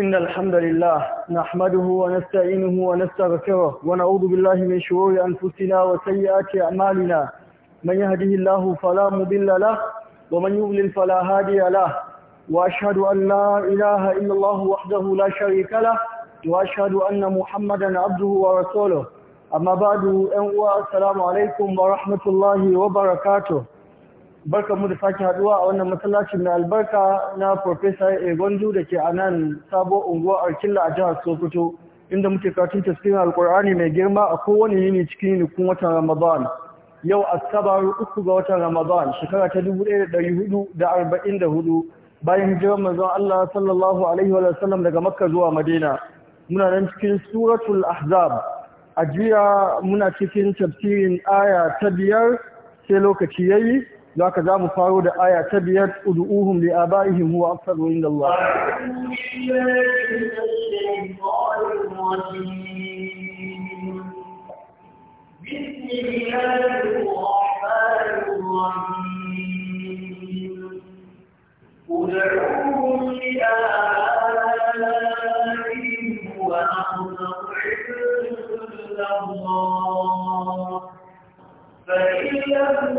إن الحمد لله نحمده ونستعينه ونستغفره ونعوذ بالله من شرور أنفسنا وسيئات أعمالنا من يهده الله فلا مضل له ومن يضلل فلا هادي له وأشهد أن لا إله إلا الله وحده لا شريك له وأشهد أن محمدا عبده ورسوله أما بعد أن السلام عليكم ورحمة الله وبركاته barka mu da sake haduwa a wannan masallacin da albarka na Professor Egonju da ke a nan sabo unguwa Arkilla a jihar Sokoto inda muke karatun tafsirin Alkur'ani mai girma a kowane yini cikin yinikun watan Ramadan. Yau Asabar uku ga watan Ramadan shekara ta dubu ɗaya da ɗari hudu da arba'in da hudu bayan hijirar manzon Allah sallallahu alaihi wa sallam daga Makka zuwa Madina. Muna nan cikin Suratul Ahzab. A jiya muna cikin tafsirin aya ta biyar sai lokaci yayi لك زام فارو آية تبيت ادعوهم لآبائهم هو أكثر عند الله بسم الله الرحمن الرحيم لآبائهم الله فإن لم تعلموا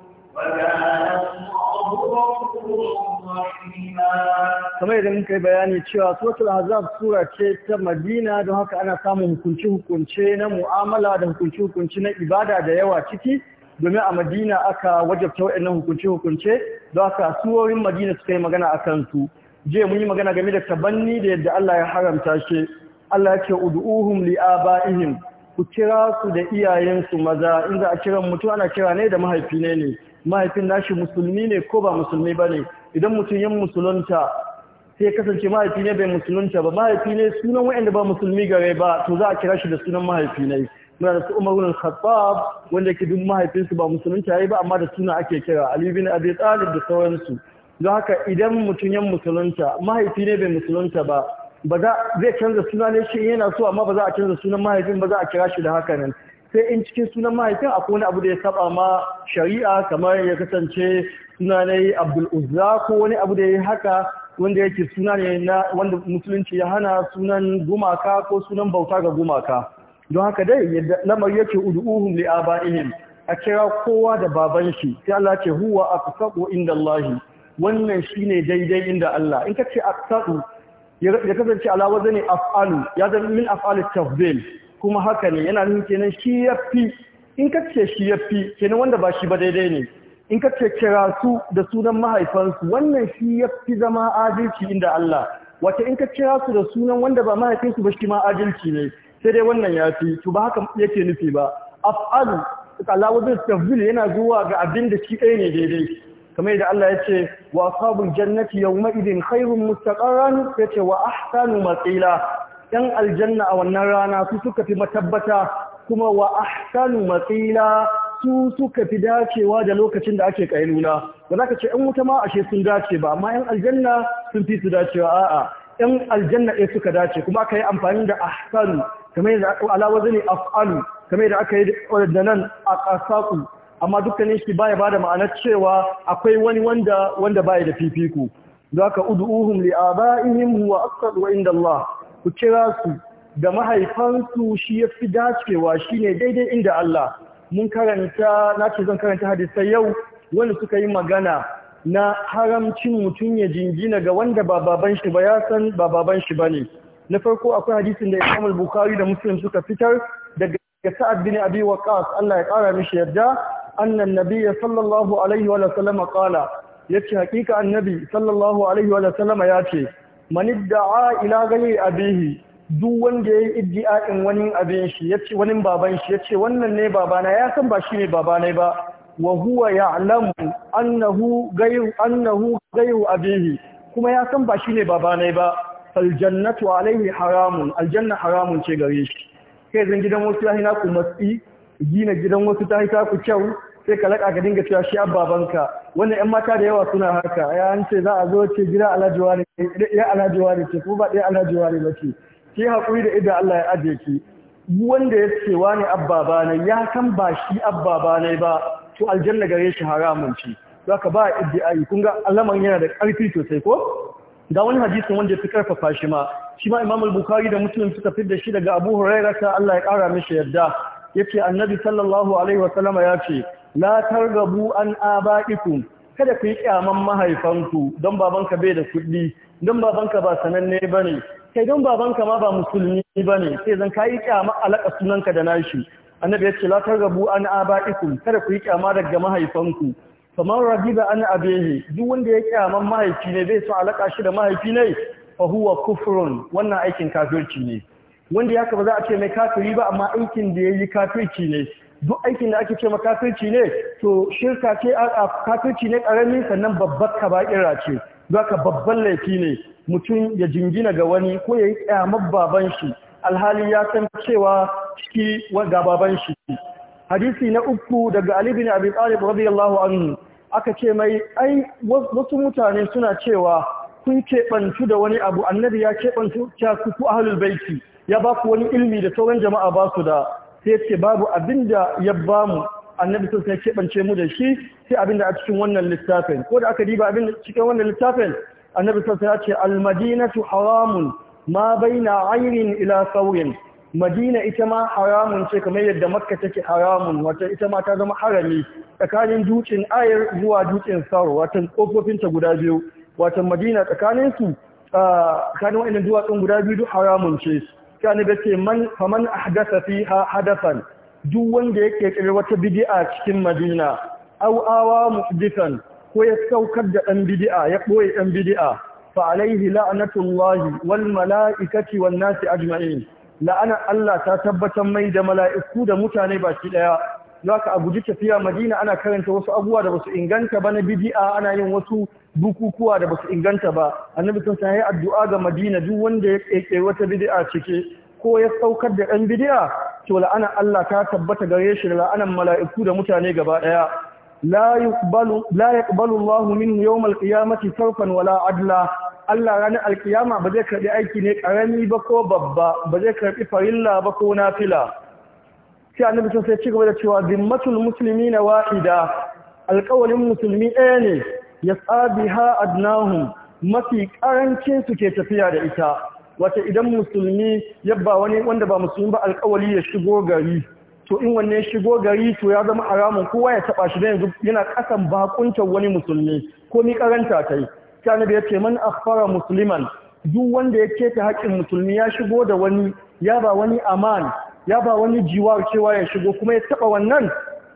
kamar idan muka yi bayani cewa suratul azab sura ce ta madina don haka ana samun hukunci-hukunce na mu'amala da hukunci-hukunci na ibada da yawa ciki domin a madina aka wajabta waɗannan hukunci-hukunce don haka suwarin madina suka yi magana a kansu je mun yi magana game da tabanni da yadda Allah ya haramta shi Allah ya ce ud'uhum li abaihim ku kira su da iyayensu maza inda a kiran mutum ana kira ne da mahaifi ne ne mahaifin nashi musulmi ne ko ba musulmi ba ne idan mutum yin musulunta sai kasance mahaifi ne bai musulunta ba mahaifi ne sunan wa'anda ba musulmi gare ba to za a kira shi da sunan mahaifi ne muna da su umarun al-khattab wanda yake duk mahaifinsu ba musulunta yayi ba amma da suna ake kira ali bin abi talib da sauransu don haka idan mutum yin musulunta mahaifi ne bai musulunta ba ba za zai canza suna ne shi yana so amma ba za a canza sunan mahaifin ba za a kira shi da haka nan sai in cikin sunan mahaifin akwai wani abu da ya saba ma shari'a kamar ya kasance suna ne abdul uzza ko wani abu da ya haka wanda yake suna ne na wanda musulunci ya hana sunan gumaka ko sunan bauta ga gumaka don haka dai yadda lamar yake ud'uhum li abaihim a kira kowa da baban shi sai Allah ce huwa aqsaqu inda Allah wannan shine daidai inda Allah in ka a aqsaqu ya kasance ala wazani af'alu ya zama min af'alit tafdil kuma haka ne yana nufin kenan shi ya fi in ka ce shi ya fi kenan wanda ba shi ba daidai ne in ka ce kira su da sunan mahaifansu wannan shi ya fi zama adalci inda Allah wata in ka kira su da sunan wanda ba mahaifinsu ba shi ma adalci ne sai dai wannan ya fi to ba haka yake nufi ba af'alu alawudin tafzil yana zuwa ga abin da shi ɗaya ne daidai kamar da Allah ya ce wa ashabul jannati yawma idin khairun mustaqarran yace wa ahsanu matila ‘yan aljanna a wannan rana su suka fi matabbata kuma wa ahsanu matsila su suka fi dacewa da lokacin da ake kailula ba za ka ce ‘yan wuta ma ashe sun dace ba amma ‘yan aljanna sun fi su dacewa a'a ‘yan aljanna ɗaya suka dace kuma aka yi amfani da ahsanu kamar yadda alawazi ne af'alu kamar yadda aka yi da nan a ƙasaku amma dukkanin shi baya bada ma'anar cewa akwai wani wanda wanda baya da fifiko don haka ud'uhum li abaihim huwa aqsad wa inda Allah ku kira su da mahaifansu shi ya fi dacewa shi ne daidai inda Allah mun karanta na ce zan karanta hadisai yau wani suka yi magana na haramcin mutum ya jingina ga wanda ba baban shi ba ya san ba baban shi ba ne na farko akwai hadisin da Imam Bukhari da Muslim suka fitar daga Sa'ad bin Abi Waqqas Allah ya kara mishi yadda annan nabiyya sallallahu alaihi wa sallam qala yace hakika annabi sallallahu alaihi wa sallam ya ce manidda'a ila gani abihi duk wanda ya yi iddi'a'in wani abin shi ya ce wani baban shi ya ce wannan ne babana ya san ba shi ne babana ba wa huwa ya'lamu annahu annahu abihi kuma ya san ba shi ne babana ba Aljannatu alaihi haramun aljanna haramun ce gare shi kai zan gidan wasu ya hina ku matsi gina gidan wasu ta hita ku kyau sai ka laƙa ka dinga cewa shi babanka wannan yan mata da yawa suna haka ya an ce za a zo ce gida alajuwa ne ɗaya alhaji ne ce ko ba ɗaya alhaji ne ba ce ki haƙuri da idan Allah ya ajiye ki wanda ya ce wani abba ne ya san ba shi abba ne ba to aljanna gare shi haramun ci za ka ba iddi'ai kun ga alaman yana da ƙarfi sosai ko ga wani hadisin wanda ya fi karfafa shi ma shi ma imam al-bukhari da mutum suka fitar da shi daga abu hurairah Allah ya ƙara mishi yadda yace annabi sallallahu alaihi wa sallama ya ce la targabu an aba'ikum kada ku yi kyaman mahaifanku don babanka bai da kuɗi don babanka ba sananne bane kai don babanka ma ba musulmi bane sai zan kai kyama alaka sunanka da nashi annabi ya ce la targabu an aba'ikum kada ku yi kyama daga mahaifanku man rajiba an abehi duk wanda ya kyaman mahaifi ne bai so alaka shi da mahaifi ne fa huwa kufrun wannan aikin kafirci ne wanda ya ba za a ce mai kafiri ba amma aikin da ya yi kafirci ne duk aikin da ake ce ma kafirci ne to shirka ce a kafirci ne karami sannan babbar kaba'ira ce zaka babban laifi ne mutum ya jingina ga wani ko ya yi kyamar baban shi alhali ya san cewa ciki ga baban shi hadisi na uku daga Ali bin Abi Talib radiyallahu anhu aka ce mai ai wasu mutane suna cewa kun keɓantu da wani abu annabi ya keɓantu ta ku ahlul baiti ya ba ku wani ilmi da sauran jama'a ba su da sai ce babu abinda ya bamu annabi sun sai keɓance mu da shi sai abinda a cikin wannan littafin ko da aka diba abin cikin wannan littafin annabi sun sai ce almadinatu haramun ma baina ayrin ila sauyin madina ita ma haramun ce kamar yadda makka take haramun wata ita ma ta zama harami tsakanin dutsen ayar zuwa dutsen sauro wata kofofinta guda biyu wata madina su? Ah, tsakanin wa'annan duwatsun guda biyu duk haramun ce sai annabi ce man faman ahdatha fiha duk wanda ya kirkiri wata bidi'a cikin Madina au'awa awa ko ya saukar da ɗan bidi'a, ya ɓoye ɗan bidi'a. fa alaihi la'natullahi wal mala'ikati wan nasi ajma'in la'ana Allah ta tabbatar mai da mala'iku da mutane baki daya zaka a guji tafiya Madina ana karanta wasu abubuwa da basu inganta ba na bidi'a ana yin wasu bukukuwa da basu inganta ba annabi sun sai addu'a ga madina duk wanda ya keke wata bid'a cike ko ya saukar da ɗan bid'a to la'ana Allah ta tabbata gare shi la'anan mala'iku da mutane gaba daya la yuqbalu la yaqbalu Allah min yawm al-qiyamati sarfan wala adla Allah ranar alkiyama ba zai karbi aiki ne karami ba ko babba ba zai karbi farilla ba ko nafila sai annabi sun sai ci gaba da cewa zimmatul muslimina wahida alƙawalin musulmi ɗaya ne Ya tsabi ha adnahum mafi karancin suke tafiya da ita wata idan musulmi ba wani wanda ba musulmi ba alkawali ya shigo gari to in wanne shigo gari to ya zama haramun kowa ya taba shi da yanzu yana kasan bakuncin wani musulmi ko mi karanta ta yi kana da yace man akhara musliman duk wanda ya keta haƙin musulmi ya shigo da wani ya ba wani aman ya ba wani jiwar cewa ya shigo kuma ya taba wannan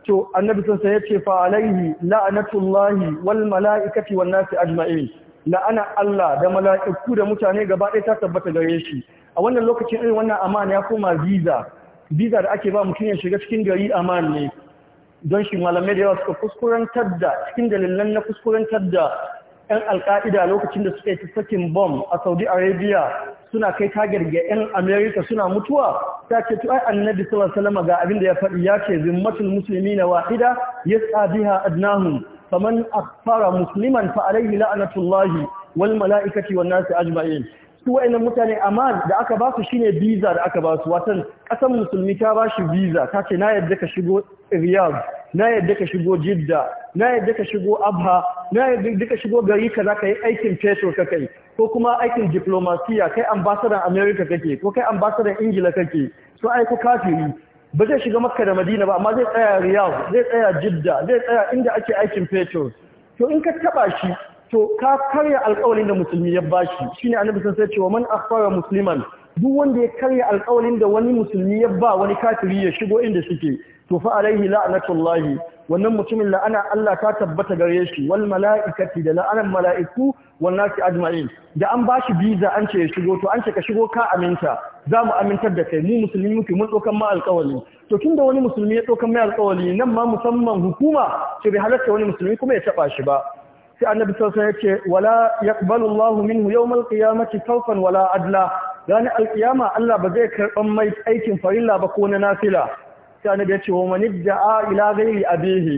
to annabi sun ya ce fa alaihi la'anatullahi wal mala'ikati wan nasi ajma'in la'ana Allah da mala'iku da mutane gaba ɗaya ta tabbata gare shi a wannan lokacin irin wannan amana ya koma visa visa da ake ba mutum ya shiga cikin gari amana ne don shi malamai da yawa suka kuskurantar da cikin dalilan na kuskurantar da 'yan alka'ida lokacin da suka yi ta sakin bom a saudi arabia suna kai tagar ga 'yan amerika suna mutuwa ta ce tu'ai annabi salama ga abin da ya faɗi ya ce zimmatul musulmi na wa'ida ya tsabiha adnahun faman akfara musliman fa alaihi la'anatullahi wal mala’ikaci wannan nasi ajma'in su wa'annan mutane amal da aka ba su shine biza da aka ba su watan ƙasan musulmi ta ba shi ta ce na yadda ka shigo riyadh na yadda ka shigo jidda na yadda ka shigo abha na yadda ka shigo gari kaza ka yi aikin fetur ka kai ko kuma aikin diplomasiya kai ambasadan america kake ko kai ambasadan ingila kake so ai ku kafiri ba zai shiga makka da madina ba amma zai tsaya riyal zai tsaya jidda zai tsaya inda ake aikin fetur to in ka taba shi to ka karya alƙawarin da musulmi ya bashi shine annabi sun sai cewa man akhbara musliman duk wanda ya karya alƙawarin da wani musulmi ya ba wani kafiri ya shigo inda suke to fa alaihi la'natullahi wannan mutumin la'ana Allah ta tabbata gare shi wal mala'ikati da la'anan mala'iku wal nasi ajma'in da an bashi visa an ce ya shigo to an ce ka shigo ka aminta za mu amintar da kai mu musulmi muke mun tsokan ma alƙawari to tunda wani musulmi ya tsokan mai alƙawari nan ma musamman hukuma ce bai halarta wani musulmi kuma ya taba shi ba sai annabi sallallahu ya ce wala yaqbalu Allahu minhu yawmal qiyamati tawfan wala adla dan alqiyama Allah ba zai karban mai aikin farilla ba ko na nafila sai annabi ya ce wa man idda'a ila ghairi abihi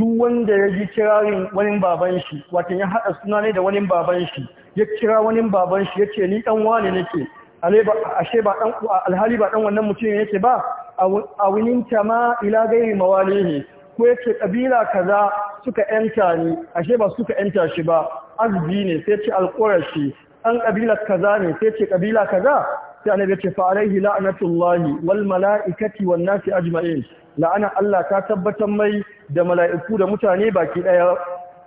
duk wanda ya ji kirarin wani baban shi wato ya hada suna ne da wani baban shi ya kira wani baban shi yace ni dan wane nake ashe ba dan alhali ba dan wannan mutum yake ba a wuninta ma ila gairi mawalihi ko yake ƙabila kaza suka ‘yanta ni, ashe ba suka ‘yanta shi ba, azbi ne sai ce alƙurashi, an ƙabila kaza ne sai ce ƙabila kaza, sai annabi ce fa alaihi la'anatullahi wal mala'ikati wan nasi ajma'in. La'ana Allah ta tabbatar mai da mala'iku da mutane baki ɗaya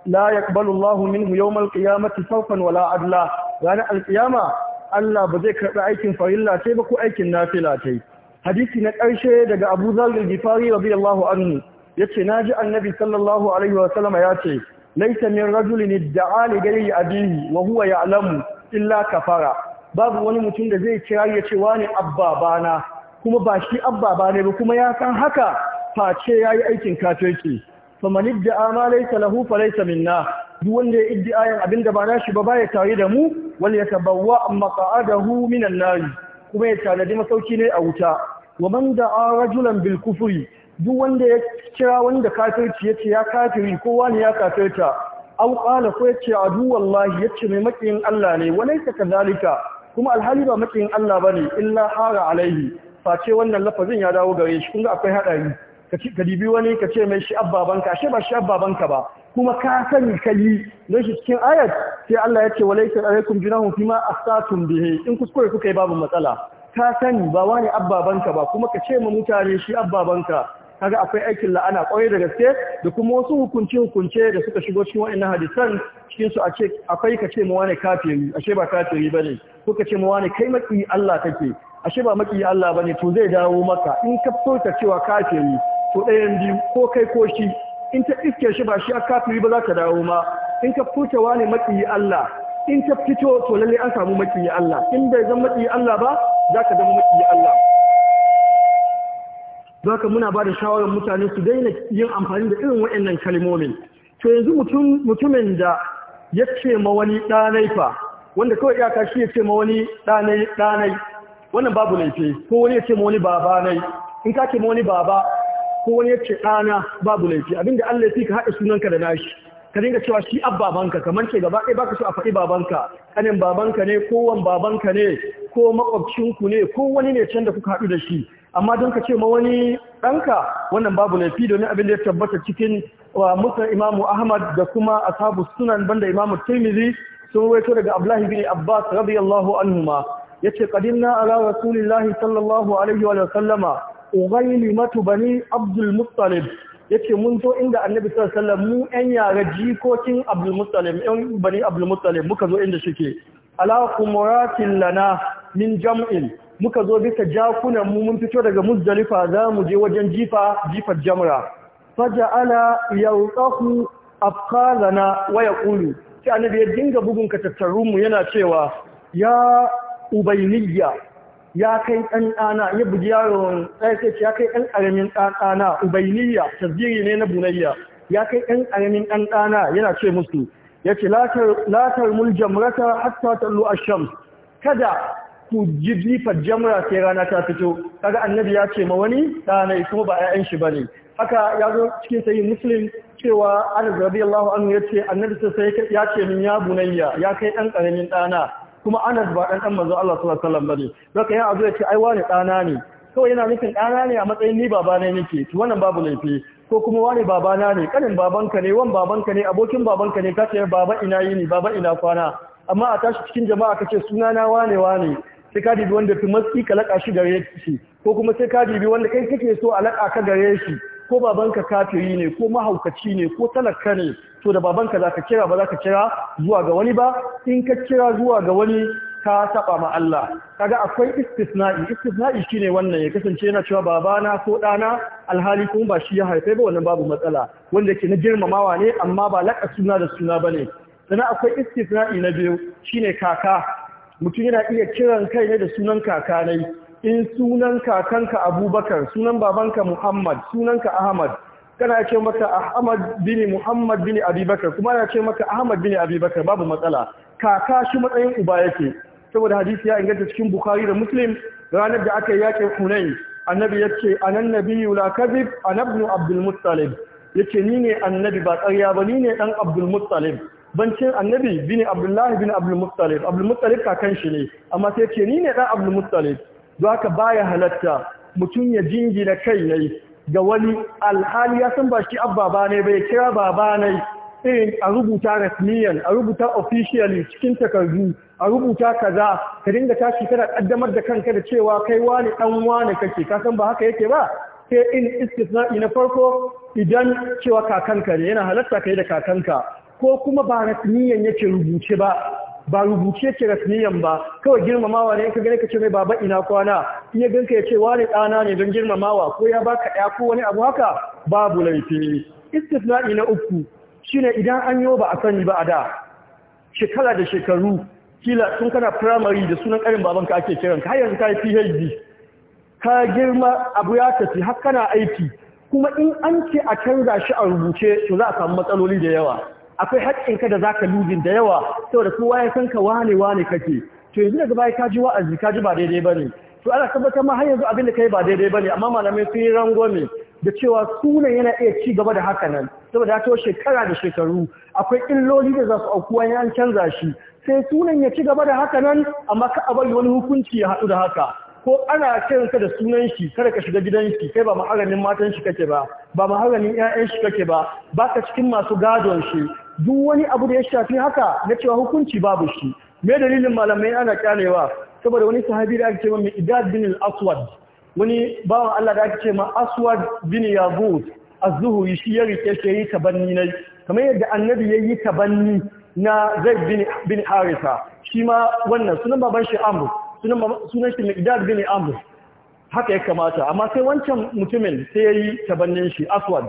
la yaqbalu Allahu minhu yawmal qiyamati sawfan wala adla. Ranar alkiyama? Allah ba zai karɓi aikin farilla ce ba ko aikin nafila ce. Hadisi na ƙarshe daga Abu Zalil Gifari radiyallahu anhu yace naji annabi sallallahu alaihi wa ya yace laita min rajulin idda'a li ghairi abihi wa huwa ya'lamu illa kafara babu wani mutum da zai kira ya ce wani abbabana kuma ba shi abbaba ne ba kuma ya san haka face yayi aikin kafirci faman idda'a ma laysa lahu falaysa minna duk wanda ya abin da ba nashi ba baya tare da mu wal yatabawwa maqa'adahu minan nar kuma ya tanadi masauki ne a wuta wa man da'a rajulan bil kufri duk wanda ya kira wanda kafirci yace ya kafiri kowa ne ya kafirta aw qala ko yace adu wallahi yace mai makiyin Allah ne walaysa kadhalika kuma alhali ba makiyin Allah bane illa hara alaihi face wannan lafazin ya dawo gare shi kunga akwai hadari ka dibi wani ka ce mai shi abbabanka ashe ba shi abbabanka ba kuma ka sani kai ne shi cikin ayat sai Allah ya ce walaysa alaikum ma fima asatum bihi in kuskure kuka yi babu matsala ka sani ba wani abbabanka ba kuma ka ce ma mutane shi abbabanka kaga akwai aikin la'ana kwarai da gaske da kuma wasu hukunci hukunce da suka shigo cikin wa'annan hadisan cikin su akwai ka ce mu wani kafiri ashe ba kafiri bane ko ka ce mu wani kai maki Allah kake ashe ba maki Allah bane to zai dawo maka in ka so ka cewa kafiri to ɗayan biyu ko kai ko shi in ta iske shi ba shi a kafiri ba za ka dawo ma in ka furta wani maki Allah in ta fito to lalle an samu maki Allah in bai zama maki Allah ba za ka zama maki Allah Zaka muna ba da shawarar mutane su daina yin amfani da irin wannan kalmomin to yanzu mutumin da ya ce ma wani ɗanai fa wanda kawai iyaka shi ya ce ma wani ɗanai wannan babu laifi ko wani ya ce ma wani baba nai. in ka ce ma wani baba ko wani ya ce ɗana babu laifi abinda Allah ya fi ka haɗa sunanka da nashi ka dinga cewa shi ab babanka kamar ce gaba ɗaya baka so a faɗi babanka kanin babanka ne ko babanka ne ko makwabcinku ne ko wani ne can da kuka haɗu da shi amma don ka ce ma wani ɗanka wannan babu laifi domin abin da ya tabbata cikin wa musa imamu ahmad da kuma ashabu sunan banda imamu tirmidhi sun waito daga abdullahi bin abbas radiyallahu anhuma yace qadimna ala rasulillahi sallallahu alaihi wa sallama ba bani abdul muttalib yace mun zo inda annabi sallallahu alaihi wasallam mu yan yara jikokin abdul muttalib yan bani abdul muttalib muka zo inda shike ala kumuratin lana min jam'in muka zo bisa jakunan mu mun fito daga muzdalifa za mu je wajen jifa jifar jamra ala yawqahu afqalana wa yaqulu sai annabi ya dinga bugun katattarun mu yana cewa ya ubayniyya ya kai dan dana ya buji yaron sai sai ya kai dan karamin dan dana ubayniyya ne na bunayya ya kai dan karamin dan dana yana ce musu yace la tar la tar mul jamrata hatta tallu ash-shams kada ku ji jifar jamra sai rana ta fito kaga annabi ya ce ma wani ɗana kuma ba 'ya'yan shi bane haka ya zo cikin sai muslim cewa anas radiyallahu anhu ya ce annabi sai ya ce min ya bunayya ya kai ɗan ƙaramin ɗana kuma anas ba ɗan ɗan manzo Allah sallallahu alaihi wasallam bane haka ya zo ya ce ai wani ɗana ne kawai yana nufin ɗana ne a matsayin ni baba ne nake to wannan babu laifi ko kuma wani babana ne kanin babanka ne wan babanka ne abokin babanka ne kace baba ina yini baba ina kwana amma a tashi cikin jama'a kace suna na wane wane sai ka dibi wanda fi maski ka laƙa shi gare shi ko kuma sai ka dibi wanda kai kake so a laƙa ka gare shi ko babanka kafiri ne ko mahaukaci ne ko talaka ne to da babanka za ka kira ba za ka kira zuwa ga wani ba in ka kira zuwa ga wani ka saba ma Allah kaga akwai istisna'i istisna'i shine wannan ya kasance yana cewa babana ko dana alhali kuma ba shi ya haife ba wannan babu matsala wanda ke na girmamawa ne amma ba laƙa suna da suna bane sannan akwai istisna'i na biyu shine kaka mutum yana iya kiran kai ne da sunan kakanai in sunan kakanka abubakar sunan babanka muhammad sunanka ahmad kana ce maka ahmad bin muhammad bin abubakar kuma ana ce maka ahmad bin abubakar babu matsala kaka shi matsayin uba yake saboda hadisi ya inganta cikin bukhari da muslim ranar da aka yi yakin hunain annabi ya ce anan Nabiyu la kadhib anabnu abdul muttalib yace ni ne annabi ba ƙarya ba ni ne dan abdul muttalib bancin annabi bin abdullahi bin abdulmuttalib abdulmuttalib kakan shi ne amma sai ce ni ne dan abdulmuttalib don haka baya halatta mutum ya jingina kai ne ga wani alhali ya san ba shi abba ba ne bai kira baba ne irin a rubuta rasmiyan a rubuta officially cikin takardu a rubuta kaza ka dinga tashi kana kaddamar da kanka da cewa kai wani dan wani kake ka san ba haka yake ba sai in istisna'i na farko idan cewa kakanka ne yana halatta kai da kakanka ko kuma ba rasmiyan yake rubuce ba ba rubuce yake rasmiyan ba kawai girmamawa ne in ka gane ka ce mai baba ina kwana iya ganka ya ce wani ɗana ne don girmamawa ko ya baka ɗaya ko wani abu haka babu laifi istisna'i na uku shine idan an yo ba a sani ba a da shekara da shekaru kila tun kana primary da sunan karin babanka ake kiranka har yanzu ka yi PhD ka girma abu ya tafi har kana aiki kuma in an ce a canza shi a rubuce to za a samu matsaloli da yawa akwai ka da za ka lujin da yawa saboda kowa ya san ka wane wane kake to yanzu daga baya ka ji wa'azi ka ji ba daidai ba ne. to ana tabbatar ma har yanzu abin da yi ba daidai ba ne amma malamai sun yi rangwame da cewa sunan yana iya ci gaba da haka nan saboda ta shekara da shekaru akwai illoli da za su aukuwa ya canza shi sai sunan ya ci gaba da haka nan amma ka a bari wani hukunci ya haɗu da haka ko ana kiranka da sunan shi kada ka shiga gidan shi kai ba maharanin matan shi kake ba ba maharanin ya'yan shi kake ba ba ka cikin masu gadon shi duk wani abu da ya shafi haka na cewa hukunci babu shi me dalilin malamai ana kyanewa saboda wani sahabi da ake cewa mai idad bin al-aswad wani bawan Allah da ake ce ma aswad bin yagud az-zuhri shi ya rike shi yi tabanni ne kamar yadda annabi ya yi tabanni na zaid bin bin shi ma wannan sunan baban shi amr sunan shi mai idad bin amr haka ya kamata amma sai wancan mutumin sai ya yi tabannin shi aswad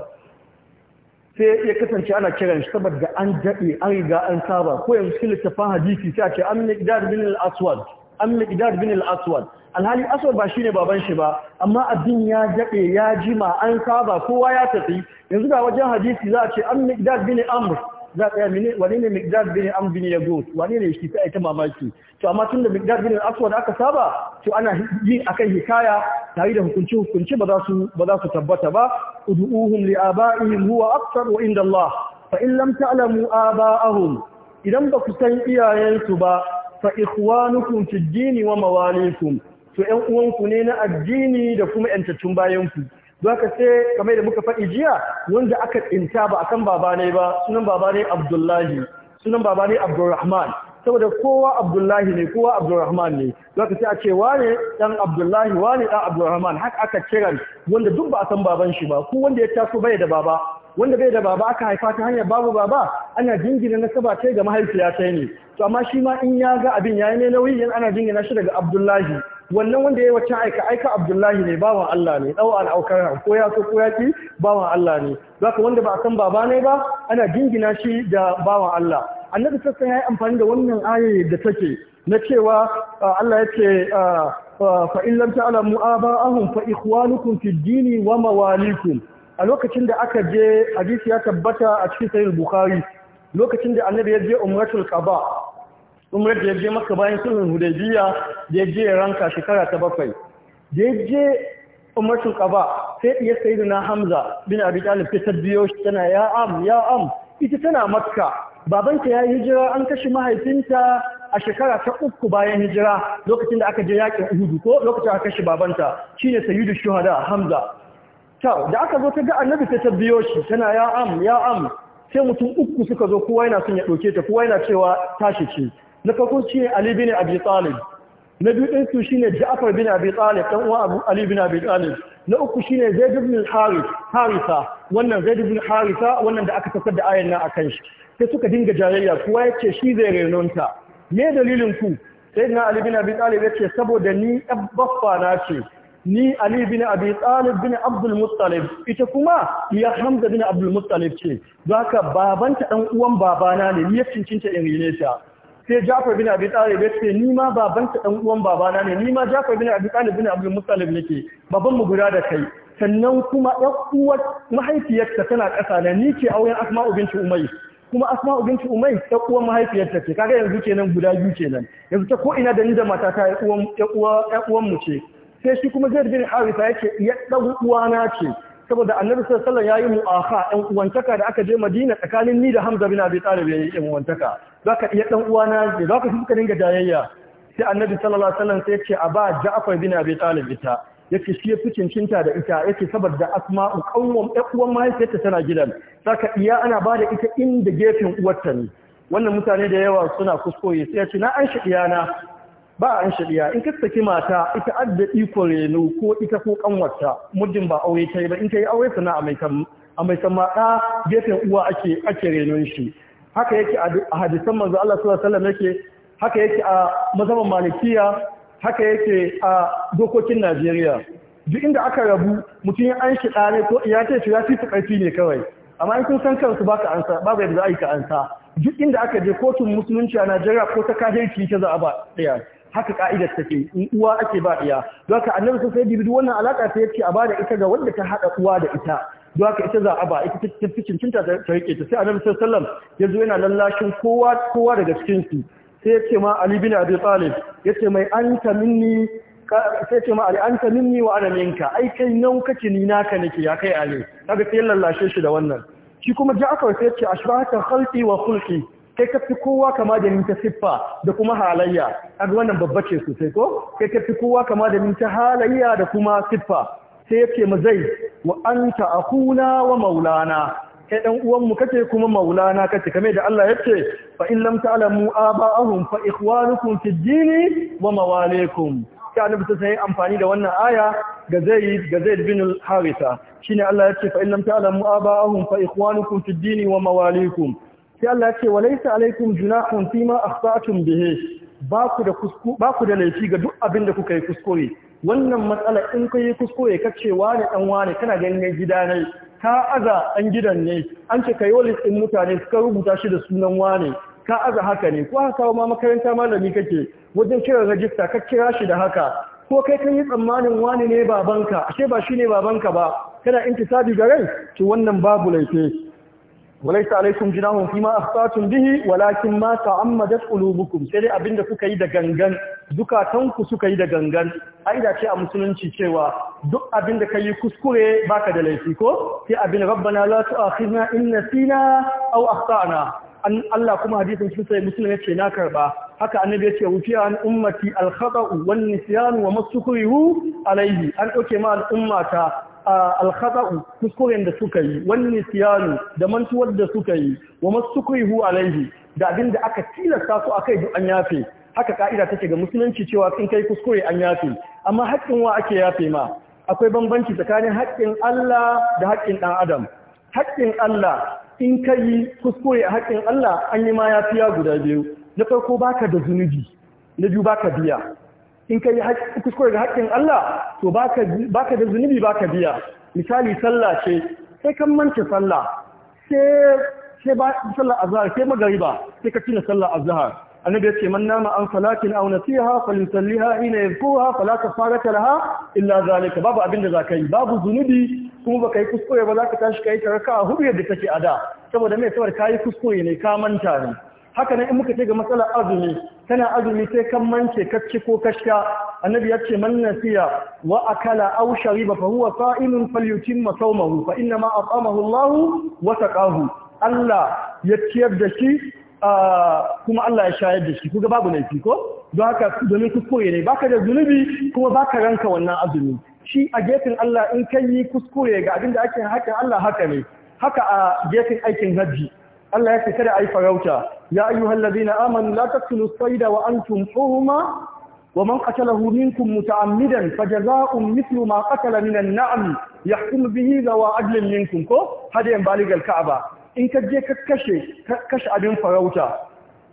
sai ya kasance ana kiran shi saboda an daɗe an riga an saba ko yanzu cikin littafin hadisi sai a ce an miqdar bin al-aswad an miqdar bin al-aswad alhali aswad ba shine baban shi ba amma abin ya daɗe ya jima an saba kowa ya tafi yanzu ga wajen hadisi za a ce an miqdar bin amr za ka yi wani ne migdad bin am bin yagut wani ne shi ta mamaki to amma da migdad bin da aka saba to ana yi akan hikaya tare da hukunci hukunci ba za su ba za su tabbata ba ud'uhum li abaihim huwa akthar wa inda Allah fa in lam ta'lamu abaahum idan ba ku san iyayensu ba fa ikhwanukum fi dini wa mawalikum to ƴan uwanku ne na addini da kuma ƴantattun bayanku Zaka ce kamar da muka faɗi jiya wanda aka tsinta ba akan baba ne ba sunan baba ne Abdullahi sunan baba ne Abdurrahman saboda kowa Abdullahi ne kowa Abdurrahman ne zaka ce a ce wane dan Abdullahi wane dan Abdurrahman haka aka kira wanda duk ba a san baban shi ba ko wanda ya taso bai da baba wanda bai da baba aka haifa ta hanyar babu baba ana jingina na saba ta ga mahaifiya ta ne to amma shi ma in ya ga abin yayi ne nauyi yan ana jingina shi daga Abdullahi wannan wanda ya yi wacce aika aika abdullahi ne bawan Allah ne ɗau al'aukar ko ya so ko ya ki bawan Allah ne zaka wanda ba a san baba ne ba ana jingina shi da bawan Allah annabi sassan ya yi amfani da wannan aya da take na cewa Allah ya ce fa in lam ta'lamu aba'ahum fa ikhwanukum fid dini wa mawalikum a lokacin da aka je hadisi ya tabbata a cikin sahih bukhari lokacin da annabi ya je umratul qaba umrar da ya maka bayan sulhun hudaybiya da ya ranka shekara ta bakwai da yaje je umarcin kaba sai iya na hamza bin abi talib ta biyo shi tana ya am ya am ita tana makka babanta ya yi hijira an kashe mahaifinta a shekara ta uku bayan hijira lokacin da aka je yakin hudu ko lokacin aka kashe babanta shine sayyidu shuhada hamza ta da aka zo ta ga annabi ta biyo shi tana ya am ya am sai mutum uku suka zo kowa yana son ya ɗauke ta kowa yana cewa tashi ce na farko shi ne Ali bin Abi Talib na biyu din su shi ne Ja'far bin Abi Talib ɗan uwa Ali bin Abi Talib na uku shi ne Zaid bin Haritha wannan Zaid bin Haritha wannan da aka tafar da ayan nan akan shi sai suka dinga jarayya kuwa yace shi zai renonta me dalilin ku sai na Ali bin Abi Talib ya ce saboda ni babba na ce ni Ali bin Abi Talib bin Abdul Muttalib ita kuma ya Hamza bin Abdul Muttalib ce zaka babanta dan uwan babana ne ni ya cincinta in rene ta sai Jafar bin Abi Talib ya ce ni ma ta dan uwan babana ne ni ma Jafar bin Abi Talib bin Abdul Muttalib nake baban mu guda da kai sannan kuma ɗan uwar mahaifiyarta tana ƙasa na ni ke auren Asma'u binti Umayr kuma Asma'u binti Umayr ta uwar mahaifiyarta ce kaga yanzu kenan guda biyu kenan yanzu ta ko ina da ni da matata ya uwan uwan mu ce sai shi kuma Zaid bin Harisa yake ya dan uwana ce saboda annabi sallallahu alaihi wasallam yayi mu'aha ɗan uwantaka da aka je Madina tsakanin ni da Hamza bin Abi Talib yayi ɗan uwantaka za ka iya ɗan uwana na. za ka fi suka dinga jayayya sai annabi sallallahu alaihi wasallam sai ce a ba ja'far bin abi talib ita yake shi ya fi cincinta da ita yake saboda asma'u kanwan ɗan uwan mahaifiyarta tana gidan saka iya ana ba da ita inda gefen uwarta ne wannan mutane da yawa suna kuskure sai ya na an shi na. ba an shi in ka saki mata ita adda iko reno ko ita ko kanwarta muddin ba aure ta yi ba in ka yi aure a mai san ma ɗa gefen uwa ake ake renon shi haka yake a hadisan manzo Allah sallallahu alaihi wasallam yake haka yake a mazhaban malikiya haka yake a dokokin Najeriya duk inda aka rabu mutum ya an shi ɗane ko ya ce shi ya fi su ƙarfi ne kawai amma in kun san kansu baka ansa babu yadda za a yi ka ansa duk inda aka je kotun musulunci a Najeriya ko ta kafirci ta za a ba ɗaya haka ka'idar take in uwa ake ba ɗaya don haka annabi sun sai bibi wannan alaka ta yace a da ita ga wanda ta haɗa uwa da ita don ka ita za ba ita ta fi cincinta ta rike ta sai annabi sallallahu alaihi ya zo yana lallashin kowa kowa daga cikin su sai ya ma ali bin abi talib ya ce mai anta minni sai yace ma ali anta minni wa ana minka ai kai nan kace ni naka nake ya kai ali kaga sai lallashe shi da wannan shi kuma ja'far sai ya ce khalqi wa khulqi kai ka fi kowa kama da ta siffa da kuma halayya kaga wannan babba ce sosai ko kai ka fi kowa kama da ta halayya da kuma siffa sai ya ce zai wa anta akuna wa maulana kai dan uwanmu kake kuma maulana kace kame da Allah ya ce fa in lam ta'lamu aba'ahum fa ikhwanukum fid din wa mawalikum sai annabi sai amfani da wannan aya ga Zaid ga Zaid bin al-Haritha shine Allah ya ce fa in lam ta'lamu aba'ahum fa ikhwanukum fid din wa mawalikum sai Allah ya ce walaysa alaykum junahun fima akhta'tum bihi ba ku da ba ku da laifi ga duk abin da kuka yi kuskure wannan matsala in ka yi kuskure ka ce wane dan wani kana ganin gida ne ka aza an gidan ne an ce kai wallis din mutane suka rubuta shi da sunan wane. ka aza haka ne ko haka ma makaranta malami kake wajen kira rajista ka kira shi da haka ko kai kan yi tsammanin wane ne babanka ashe ba shine babanka ba kana intisabi ga rai to wannan babu laifi walaisa alaikum jinahun fima akhta'tum bihi walakin ma ta'ammadat qulubukum sai dai abinda kuka yi da gangan dukatanku suka yi da gangan aida ce a musulunci cewa duk abinda kai kuskure baka da laifi ko sai abin rabbana la tu'akhidna in nasina aw akhta'na an Allah kuma hadisin shi sai muslim yace na karba haka annabi yace wufiya an ummati al khata'u wan nisyan wa masukrihu alayhi an ɗauke ma al ummata alkhata'u kuskuren da suka yi wani siyanu da mantuwar da suka yi wa masukrihu alaihi da abin da aka tilasta su akai duk an yafe haka ka'ida take ga musulunci cewa sun kai kuskure an yafe amma haƙƙin wa ake yafe ma akwai bambanci tsakanin haƙƙin Allah da haƙƙin ɗan adam haƙƙin Allah in ka yi kuskure a haƙƙin Allah an yi ma yafiya guda biyu na farko baka da zunubi na biyu baka biya in ka yi kuskure da haƙƙin Allah to baka da zunubi baka biya misali sallah ce sai kan manta sallah sai ba sallah azhar sai magariba sai ka cina sallah azhar annabi ya ce man nama an salatin aw nasiha falyusalliha ina yadhkuha fala kafarata laha illa zalika babu abin da zaka yi babu zunubi kuma baka yi kuskure ba zaka tashi kai a hudu yadda take da, saboda mai saboda yi kuskure ne ka manta ne haka nan in muka ce ga matsalar azumi tana azumi sai kan mance kacci ko kashka annabi ya ce man nasiya wa akala aw shariba fa huwa sa'imun falyutimma sawmahu fa inna ma at'amahu Allah wa saqahu Allah ya ciyar da shi kuma Allah ya shayar da shi kuga babu laifi ko don haka domin kuskure ne baka da zunubi kuma baka ranka wannan azumi shi a gefen Allah in kai yi kuskure ga abinda ake haƙin Allah haka ne haka a gefen aikin hajji Allah ya ce kada yi farauta ya ayyuhal ladina amanu la taqtulu sayda wa antum hurma wa man qatalahu minkum muta'ammidan fajaza'un mithlu ma qatala min an-na'am yahkum bihi zawa adlin minkum ko hadiyan baligal ka'aba in ka je ka kashe kashe abin farauta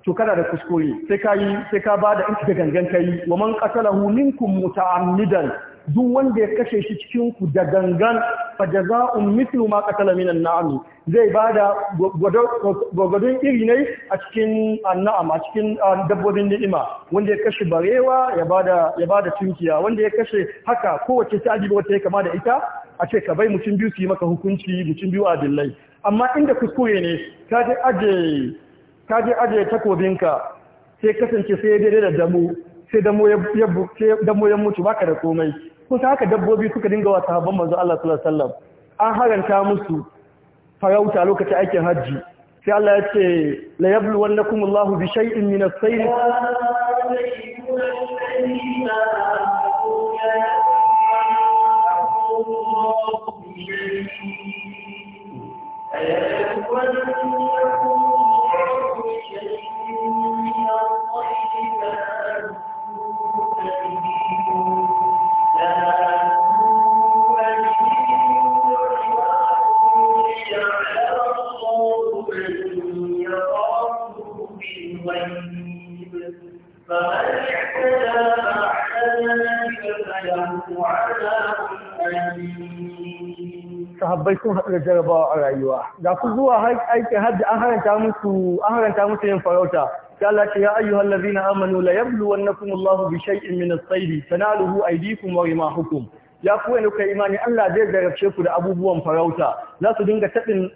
to kana da kuskure sai ka yi sai ka bada in ka gangan kai wa man qatalahu minkum muta'ammidan duk wanda ya kashe shi cikin ku da gangan fa jazaa'un mithlu ma qatala minan na'am zai bada gogodin iri ne a cikin an'am a cikin dabbobin ni'ima wanda ya kashe barewa ya bada ya bada tunkiya wanda ya kashe haka kowace ta ajibi wata ya kama da ita a ce ka bai mutum biyu su yi maka hukunci mutum biyu adillai amma inda kuskure ne ka je aje ka je aje takobinka sai kasance sai dade da damu sai damo ya mutu baka da komai kun haka dabbobi suka dinga wa sahabban manzo Allah sallallahu alaihi wasallam an haranta musu farauta lokacin aikin hajji sai Allah ya ce la yabluwannakum Allahu bi shay'in min as-sayr أَيَا sahabbai sun haɗu da jarabawa a rayuwa da ku zuwa aikin hajji an haranta musu an haranta musu yin farauta ya Allah ce ya ayyuhal ladzina amanu la yabluwannakum Allahu bi shay'in min as-sayd tanaluhu aydikum wa rimahukum ya ku ne kai imani Allah zai jarabce ku da abubuwan farauta za su dinga taɗin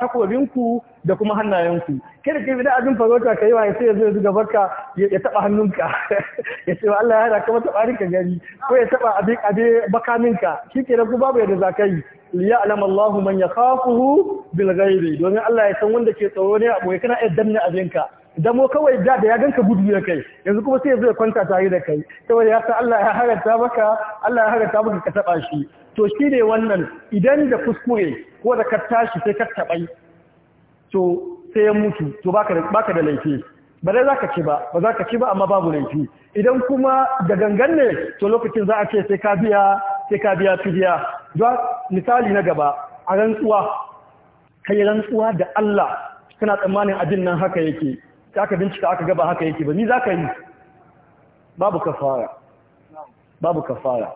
takwabinku da kuma hannayenku ku da kai da abin farauta kai wani sai ya zo zuga barka ya taɓa hannunka ya ce Allah ya hada kuma taɓa gari ko ya taɓa abin abin bakaminka shi ke ku babu yadda za ka liya'lam Allahu man yakhafuhu bil ghaibi domin Allah ya san wanda ke tsoro ne a boye kana iya danna ka idan mu kawai da da ya ganka gudu ya kai yanzu kuma sai ya zo ya kwanta tare da kai saboda ya san Allah ya haranta maka Allah ya haranta maka ka taba shi to shi ne wannan idan da kuskure ko da ka tashi sai ka taba to sai ya mutu to baka da baka da laifi ba dai zaka ci ba ba zaka ci ba amma babu laifi idan kuma da gangan ne to lokacin za a ce sai ka biya sai ka biya fidiya don misali na gaba a rantsuwa ka yi rantsuwa da Allah kana tsammanin abin nan haka yake ta aka bincika aka gaba haka yake ba ni za ka yi babu kafara babu kafara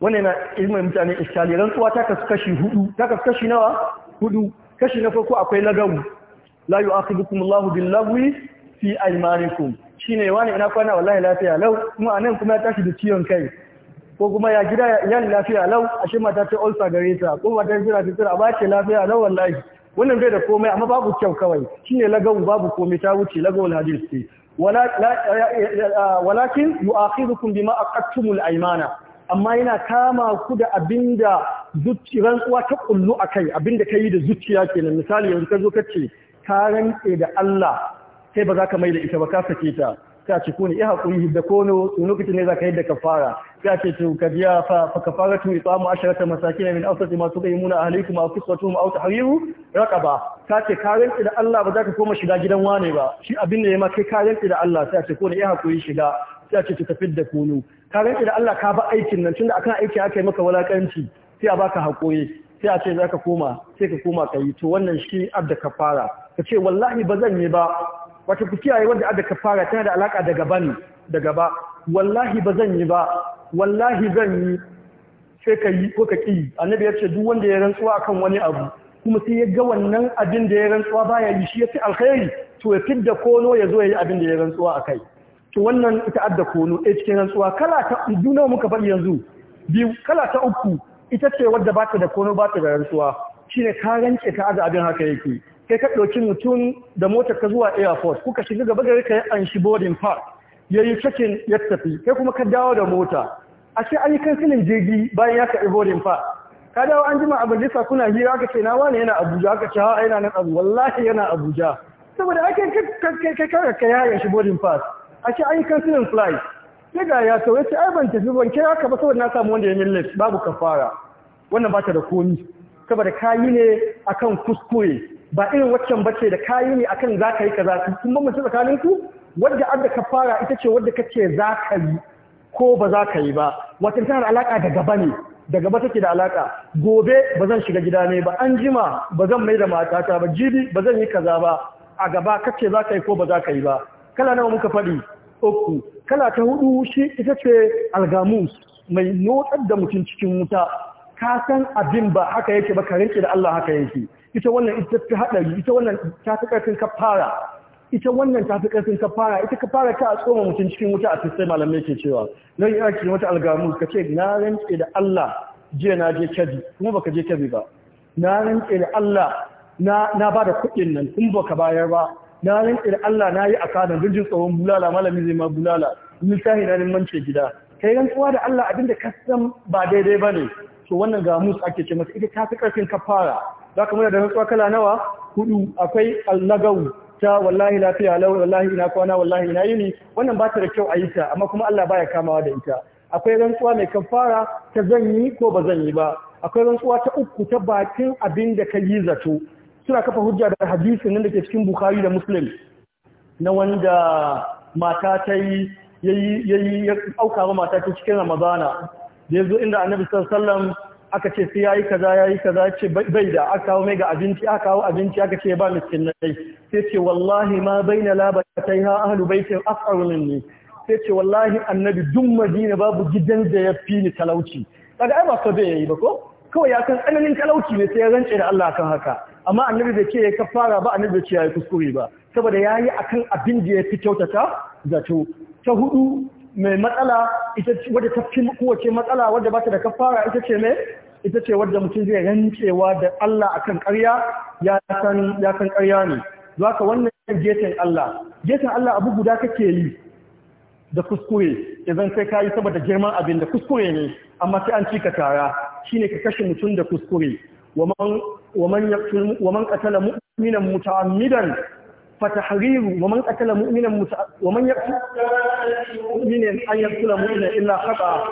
wani yana ilmin mutane iskali rantsuwa ta kasu kashi hudu ta kasu kashi nawa hudu kashi na farko akwai lagawu la yu'akhidhukum Allahu bil-lagwi fi aymanikum shine wani ina kwana wallahi lafiya lau kuma anan kuma ya tashi da ciwon kai ko kuma ya gida yan lafiya lau a shi mata ta ulsa gare ta ko mata ta tsira a ce lafiya lau wallahi wannan bai da komai amma babu kyau kawai shine lagawu babu komai ta wuce lagawul hadis ce walakin yu'akhidukum bima aqattumul aymana amma yana kama ku da abinda zuci rantsuwa ta kullu akai abinda kai da zuciya kenan misali yanzu ka zo ka ce ka rantse da Allah sai ba za ka mai da ita ba ka sake ta ta ci kuni ya hakuri da kono sunukuti ne za ka yi da kafara sai a ce to ka biya fa fa kafaratu it'amu asharata masakin min awsati ma tuqimuna ahlikum aw kiswatuhum aw tahriru raqaba ka ce ka rantsi da Allah ba za ka koma shiga gidan wane ba shi abin da ya ma kai ka rantsi da Allah sai a ce ko ne ya hakuri shiga sai a ce to tafi da kunu ka rantsi da Allah ka ba aikin nan tunda akan aiki aka yi maka walakanci sai a baka hakuri sai a ce za ka koma sai ka koma ka yi to wannan shi adda kafara ka ce wallahi ba zan yi ba wata ku kiyaye wanda ka kafara tana da alaka da gaba ne da gaba wallahi ba zan yi ba wallahi zan yi sai ka yi ko ka ƙi annabi ya ce duk wanda ya rantsuwa kan wani abu kuma sai ya ga wannan abin da ya rantsuwa baya yi shi ya fi alkhairi to ya fidda kono ya zo ya yi abin da ya rantsuwa a kai to wannan ita adda kono a eh, cikin rantsuwa kala ta nawa muka faɗi yanzu biyu kala ta uku ita ce wadda ba ta da kono ba ta da rantsuwa shine ka rance ka aza abin haka yake kai ka ɗauki mutum da motar ka zuwa airport kuka shiga gaba gari ka yi an shi boarding park ya yi cikin ya tafi kai kuma ka dawo da mota a ce an yi kansilin jirgi bayan ya karɓi boarding fa ka dawo an jima a lissa kuna hira aka ce na ne yana abuja aka ce hawa yana nan abu wallahi yana abuja saboda ake kai ka yayan shi boarding pass a ce an yi kansilin flight sai ya sauye ce ai ban tafi ban kira ka saboda na samu wanda ya babu kafara wannan ba ta da komi saboda kayi ne akan kuskure ba irin waccan bace da kayi ne akan za ka yi kaza kun tsakanin wadda adda fara ita ce wadda kake za ka yi ko ba za ka yi ba wata tana da alaka da gaba ne da gaba take da alaka gobe ba zan shiga gida ne ba an jima ba zan mai da matata ba jibi ba zan yi kaza ba a gaba kace za ka yi ko ba za ka yi ba kala nawa muka faɗi uku kala ta hudu shi ita ce algamus mai notsar da mutum cikin wuta ka san abin ba haka yake ba ka rinke da Allah haka yake ita wannan ita ta hadari ita wannan ta fi ka kafara ita wannan tafi ka fara ita ka fara ta a tsoma mutum cikin wuta a fisai malamai ke cewa nan yi aiki wata algamu ka ce na rantse da Allah jiya na je kabi kuma baka je kabi ba na rantse da Allah na ba da kuɗin nan kuma baka bayar ba na rantse da Allah na yi akadan don jin tsoron bulala malami zai ma bulala lissahi na neman ce gida kai rantsuwa da Allah abinda ka san ba daidai ba ne to wannan gamus ake ce masa ita tafi fi ƙarfin kafara za ka muna da rantsuwa kala nawa hudu akwai allagawu ta wallahi lafiya lau wallahi ina kwana wallahi ina yini wannan ba ta da kyau a yi ta amma kuma Allah baya kamawa da ita akwai rantsuwa mai kafara ta zan yi ko ba zan yi ba akwai rantsuwa ta uku ta bakin abin da ka yi zato suna kafa hujja da hadisi nan da ke cikin Bukhari da Muslim na wanda mata ta yi yayi ya auka ma mata ta cikin Ramadana da yazo inda Annabi sallallahu alaihi wasallam aka ce sai yayi kaza yayi kaza ce bai da aka kawo mai ga abinci aka kawo abinci aka ce ba miskin nai sai ce wallahi ma baina ha ahlu baitin afqaru minni sai ce wallahi annabi duk madina babu gidan da ya fi ni talauci kaga ai ba ka bai yayi ba ko kawai ya san tsananin talauci ne sai ya rance da Allah kan haka amma annabi bai ce ya kafara ba annabi bai ce yayi kuskure ba saboda yayi akan abin da ya fi kyautata zato ta hudu mai matsala ita wadda ta fi kowace matsala wadda ba ta da kafara ita ce mai ita ce wadda mutum zai yancewa da Allah akan ƙarya ya san ƙarya ne Za ka wannan gefen Allah gefen Allah abu guda kake yi da kuskure idan sai ka yi saboda girman abin da kuskure ne amma sai an cika tara shine ka kashe mutum da kuskure waman man yaqtul mu'minan فتحريم ومن قتل مؤمنا مت... ومن يقتل مؤمنا ان يقتل مؤمنا الا خطا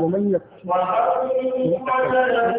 ومن يقتل فجزاء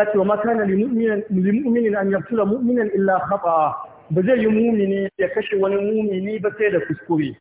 Allah ce wa makana mu'minin an yaqtula mu'minan illa khata ba yi mumini ya kashe wani mumini ba sai da kuskure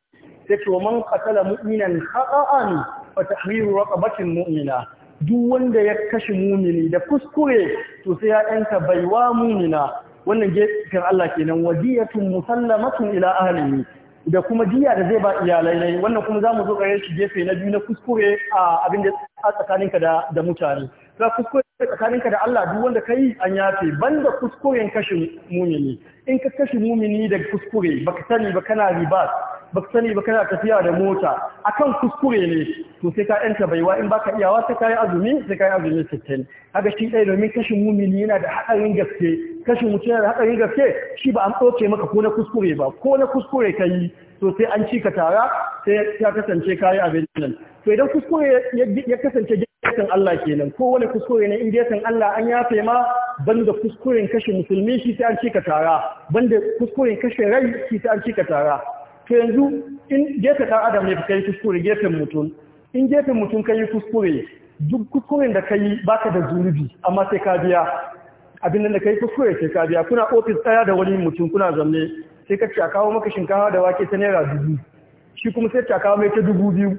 sai ce man qatala mu'minan khata'an fa tahriru raqabatin mu'mina duk wanda ya kashe mumini da kuskure to sai ya wa baiwa mumina wannan gefen Allah kenan wadiyatun musallamatun ila ahlihi da kuma diya da zai ba iyalai ne wannan kuma zamu zo gare shi gefe na biyu na kuskure a abin da tsakaninka da mutane Ka kuskure tsakaninka da Allah duk wanda kai an yafe banda kuskuren kashe mumini in ka kashe mumini da kuskure baka sani ba kana riba ba ka sani ba kana tafiya da mota akan kuskure ne to sai ka yanta baiwa in baka iyawa sai ka yi azumi sai ka yi azumi sittin kaga shi ɗaya domin kashin mumini yana da haɗarin gaske kashin mutum yana da haɗarin gaske shi ba an ɗauke maka ko na kuskure ba ko na kuskure ka yi to sai an ci ka tara sai ya kasance ka yi abin nan to idan kuskure ya kasance san Allah kenan ko wani kuskure ne in san Allah an yafe ma banda kuskuren kashe musulmi shi sai an ci ka tara banda kuskuren kashe rai shi sai an ci ka tara to yanzu in gefe ɗan adam ne ka yi kuskure gefen mutum in gefen mutum ka yi kuskure duk kuskuren da ka yi baka da zunubi amma sai ka biya abin da ka yi kuskure sai ka biya kuna ofis ɗaya da wani mutum kuna zanne sai ka ci a kawo maka shinkawa da wake ta naira dubu shi kuma sai a kawo mai ta dubu biyu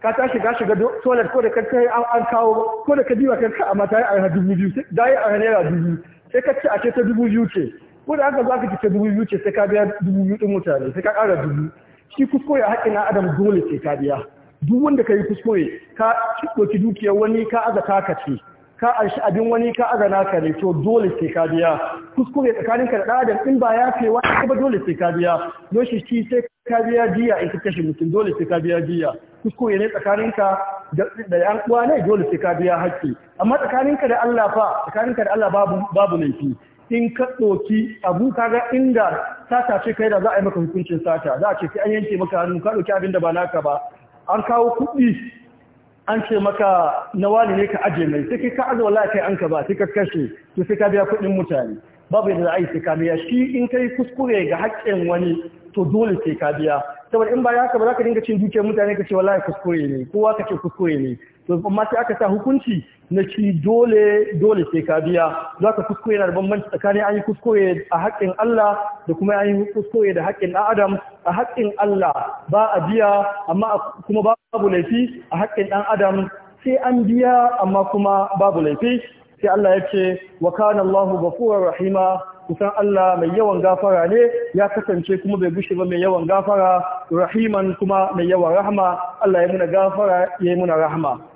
ka ta shiga shiga toilet ko da ka kai an kawo ko da ka biwa kanka amma ta yi a dubu biyu yi sai ka ci a ce ta dubu biyu ce ko da haka za ka cika dubu biyu ce sai ka biya dubu biyu ɗin mutane sai ka ƙara dubu shi kuskure a haƙƙin adam dole sai ka biya duk wanda ka yi kuskure ka ɗauki dukiyar wani ka aza taka ce ka arshi abin wani ka aza naka ne to dole sai ka biya kuskure tsakanin ka da ɗan in ba ya fi wani ba dole sai ka biya yoshi shi sai ka biya jiya in ka kashe mutum dole sai ka biya jiya kuskure ne tsakanin ka da yan uwa ne dole sai ka biya haƙƙi amma tsakanin da Allah fa da Allah babu babu laifi in ka ɗoki abu kaga inda sata ce kai da za a yi maka hukuncin sata za a ce sai an yanke maka hannu ka ɗoki abin da ba naka ba an kawo kuɗi an ce maka na ne ka aje mai sai ka aje wala kai an ka ba sai ka kashe to sai ka biya kuɗin mutane babu yadda za a yi sai ka biya shi in kai kuskure ga haƙƙin wani to dole sai ka biya saboda in ba ya haka ba za ka dinga cin dukiyar mutane ka ce wallahi kuskure ne kowa ka ce kuskure ne to amma sai aka sa hukunci na ci dole dole sai ka biya za ka kuskure na da bambanci tsakanin an yi kuskure a haƙƙin Allah da kuma an yi kuskure da haƙƙin ɗan adam a haƙƙin Allah ba a biya amma kuma babu laifi a haƙƙin ɗan adam sai an biya amma kuma babu laifi sai Allah ya ce wa kana Allahu ghafurur rahima kusan Allah mai yawan gafara ne ya kasance kuma bai bushe ba mai yawan gafara rahiman kuma mai yawan rahama Allah ya muna gafara ya muna rahama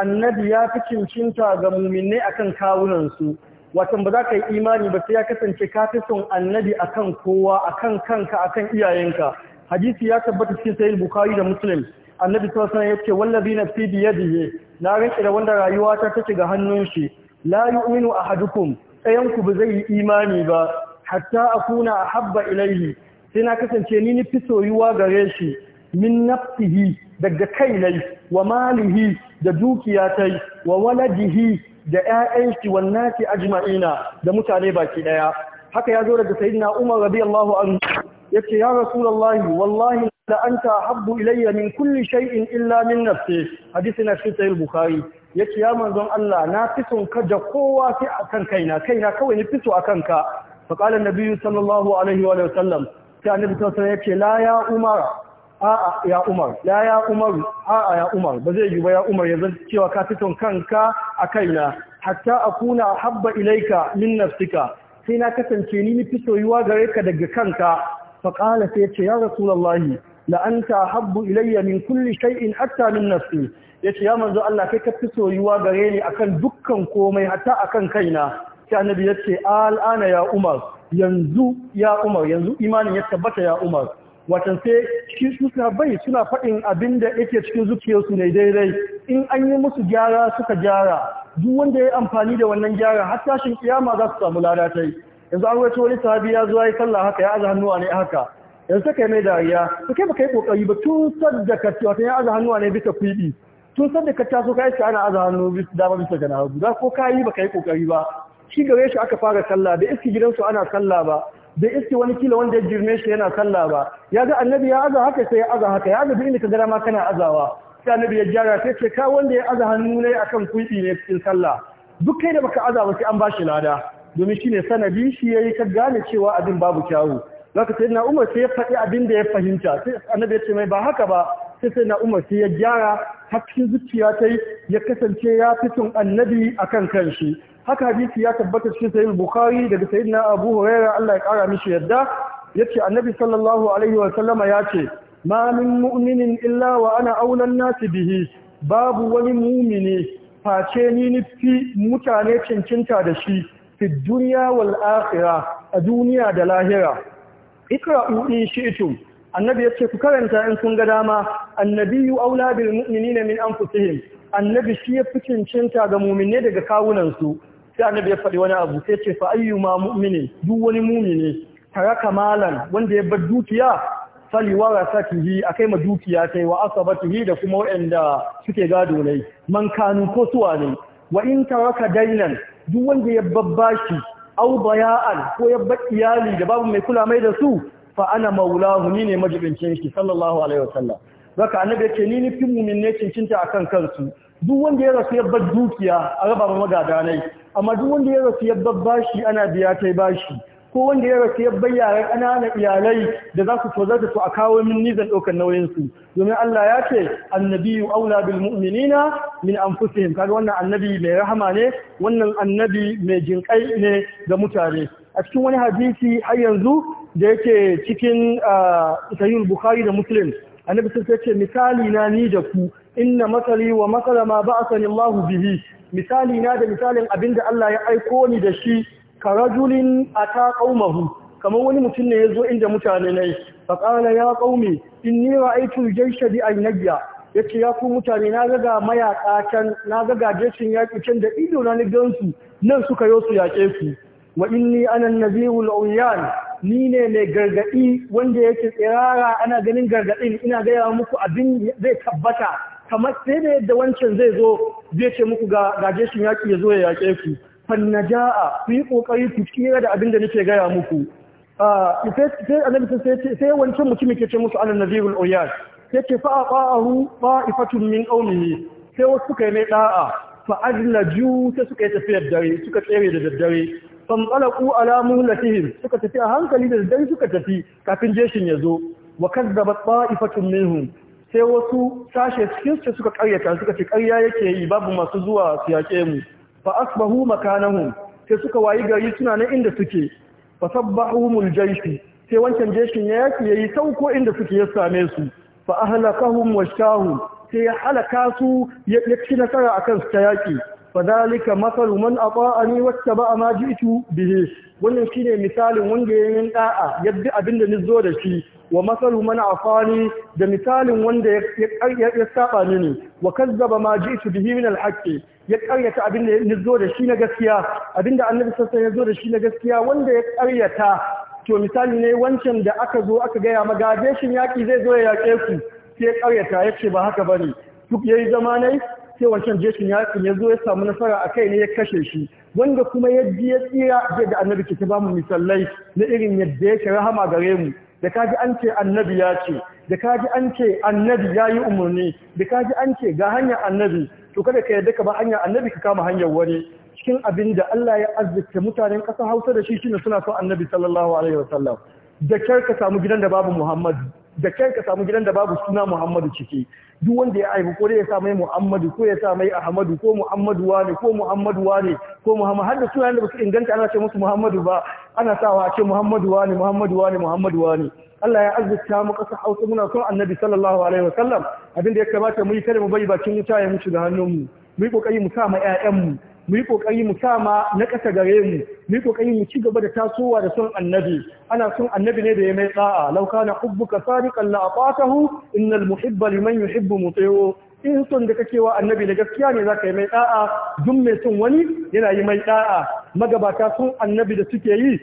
annabi ya fi cincinta ga muminai kan kawunansu watan ba za ka yi imani ba sai ya kasance ka fi son annabi akan kowa kan kanka a kan iyayenka hadisi ya tabbata cikin sayin bukari da muslim annabi sallallahu alaihi ce yace wallazi fi bi biye na rinke da wanda rayuwa ta take ga hannun shi la uminu ahadukum tsayan ku ba zai yi imani ba hatta a habba ilaihi sai na kasance ni ni fi soyuwa gare shi min nafsihi daga kai wa malihi da dukiya ta yi wa waladihi da ‘ya'yan shi wannan ke ajma'ina da mutane baki ɗaya. Haka ya zo daga Sayyidina Umar Allah anhu ya ce, Ya Rasulallahi, wallahi da an ta habbu ilayya min kulli shay'in illa min nafsi, hadisi na shi sayil Bukhari. Ya ce, Ya manzon Allah, na fi son ka da kowa sai a kan kaina, kaina kawai ni fito a kanka. Faƙalar Nabiyu sallallahu alaihi wa sallam, ta Nabi sallallahu ya ce, La ya Umar, a'a ya Umar la ya Umar a'a ya Umar ba zai yi ba ya Umar yanzu cewa ka fiton kanka a kaina hatta akuna habba ilaika min nafsika sai na kasance ni ni soyuwa yiwa gare ka daga kanka fa qala sai ya ce ya rasulullahi la anta habbu ilayya min kulli shay'in hatta min nafsi yace ya manzo Allah kai ka fi soyuwa gare ni akan dukkan komai hatta akan kaina sai annabi yace al'ana ya Umar yanzu ya Umar yanzu imanin ya tabbata ya Umar watan sai cikin suna bai suna faɗin abin da yake cikin zuciyarsu ne daidai in an yi musu gyara suka gyara duk wanda ya amfani da wannan gyara har tashin kiyama za su samu lada ta yi yanzu an wato wani sahabi ya zuwa ya yi sallah haka ya aza hannuwa ne haka yanzu ta kai mai dariya to kai baka yi kokari ba tun sadda ka wata ya aza hannuwa ne bisa kuɗi tun sadda ka taso ka iska ana aza hannu dama bisa gana hagu za ko ka yi baka yi kokari ba shi gare shi aka fara sallah da iski gidansu ana sallah ba bai iske wani kila wanda ya girme shi yana sallah ba ya ga annabi ya aza haka sai ya aza haka ya ga duk inda ka gara ma kana azawa sai annabi ya gyara sai ce ka wanda ya aza hannu ne akan kuɗi ne cikin sallah duk kai da baka aza ba sai an ba shi lada domin shine sanadi shi yayi ka gane cewa abin babu kyawu zaka sai na Umar sai ya faɗi abin da ya fahimta sai annabi ya ce mai ba haka ba sai sai na Umar sai ya gyara har zuciya ta ya kasance ya fi annabi akan kan shi. haka hadisi ya tabbata cikin sahih bukhari daga sayyidina abu huraira Allah ya kara mishi yadda yace annabi sallallahu alaihi wa sallama yace ma min mu'minin illa wa ana aula nasi bihi babu wani mu'mini face ni nufi mutane cincinta da shi fi duniya wal akhirah a duniya da lahira ikra'u in shi'tum annabi yace ku karanta in kun ga dama annabiyyu aula bil mu'minina min anfusihim annabi shi ya fi cincinta ga muminai daga kawunansu. sai annabi ya faɗi wani abu sai ce fa ayyuma mu'minin duk wani mu'mini taraka malan wanda ya bar dukiya fali warasatihi akai ma dukiya sai wa asabatihi da kuma wanda suke gado ne man kanu ko suwa ne wa in taraka dainan duk wanda ya babbashi au baya'an ko ya bar iyali da babu mai kula mai da su fa ana maulahu ni ne majibincin shi sallallahu alaihi wasallam zaka annabi yake ce ni ni fi ne cincinta akan kansu duk wanda ya rasu yabbar dukiya a raba ma magadanai amma duk wanda ya rasu yabbar bashi ana biya kai bashi ko wanda ya rasu yabbar yaran ƙananan iyalai da za su tozar da su a kawo min nizan ɗaukar nauyinsu domin Allah ya ce annabiyu aula bil mu'minina min anfusihim kaga wannan annabi mai rahama ne wannan annabi mai jinƙai ne ga mutane a cikin wani hadisi har yanzu da yake cikin ah, sahihul bukhari da muslim annabi sun ce misali na ni da ku inna matsali wa matsala ma ba a sanin lahu bihi misali na da misalin abin da Allah ya aiko ni da shi ka rajulin a ta ƙaumahu kamar wani mutum ne ya zo inda mutane ne fa ƙala ya kaume, in ni ra'aitu jaisha bi aynabiya yace ya ku mutane na gaga mayaka can na gaga jeshin yaki can da ido na su nan suka yo su yaƙe su. wa inni ana nazirul uyan ni ne mai gargadi wanda yake tsirara ana ganin gargadin ina gaya muku abin zai tabbata kamar sai da yadda wancan zai zo zai ce muku ga gajeshin yaƙi ya zo ya yaƙe ku fannaja'a ku yi ƙoƙari ku kira da abin da nake gaya muku ah, sai annabi sai wancan mutum ke ce musu anan nazirul oyar sai ce fa aqa'ahu ifatun min qaumihi sai wasu suka yi mai da'a fa ajlaju sai suka yi tafiyar dare suka tsere da daddare fam qalaqu ala muhlatihim suka tafi a hankali da daddare suka tafi kafin jeshin ya zo wa kazzabat fa'ifatun minhum sai wasu sashe cikin su suka karyata suka ce karya yake yi babu masu zuwa su yaƙe mu fa asbahu makanahum sai suka wayi gari suna nan inda suke fa sabbahumul jayshi sai wancan jeshin ya yaki yayi sauko inda suke ya same su fa ahlakahum washahu sai ya halaka su ya ci nasara akan su ta yaƙi fa dalika masalu man ata'ani wattaba ma ji'tu bihi wannan shine misalin wanda yayin da'a yadda abinda nizo da shi wa masalu mana afani da misalin wanda ya saba mini wa kazzaba ma ji bihi min al ya ƙaryata abin da ya zo da shi na gaskiya abinda annabi sallallahu ya zo da shi na gaskiya wanda ya ƙaryata to misali ne wancan da aka zo aka gaya magaje shin yaki zai zo ya yake ku sai ya ƙaryata ya ce ba haka bane duk yayi zama ne sai wancan jeshin yakin ya zo ya samu nasara a kai ne ya kashe shi wanda kuma ya ya tsira da annabi ke ta bamu misalai na irin yadda yake rahama gare mu da kaji an ce annabi ya ce da kaji an ce annabi ya yi umarni da kaji an ce ga hanyar annabi to kada ka yarda ka ba hanyar annabi ka kama hanyar wani cikin abin da Allah ya azzikta mutanen ƙasar Hausa da shi shine suna so annabi sallallahu alaihi wasallam da kyar ka samu gidan da babu Muhammadu da kan ka samu gidan da babu suna Muhammadu ciki duk wanda ya aibu ko dai ya sa mai Muhammadu ko ya sa mai Ahmadu ko Muhammadu wane ko Muhammadu wane ko Muhammadu har da sunayen da basu inganta ana ce musu Muhammadu ba ana sawa a ce Muhammadu wane Muhammadu wane Muhammadu wane Allah ya azurta mu ƙasa Hausa muna son Annabi sallallahu alaihi wa sallam abin da ya kamata mu yi kada mu bari bakin wuta ya mutu da hannun mu mu yi kokari mu sa ma ƴaƴan mu mu yi kokari mu sa ma na ƙasa gare mu mu yi kokari mu ci gaba da tasowa da son annabi ana son annabi ne da ya mai tsa'a law kana hubbuka sadiqan la atatahu innal muhibba liman mu muti'u in son da kake wa annabi da gaskiya ne zaka yi mai tsaa duk mai son wani yana yi mai tsaa magabata sun annabi da suke yi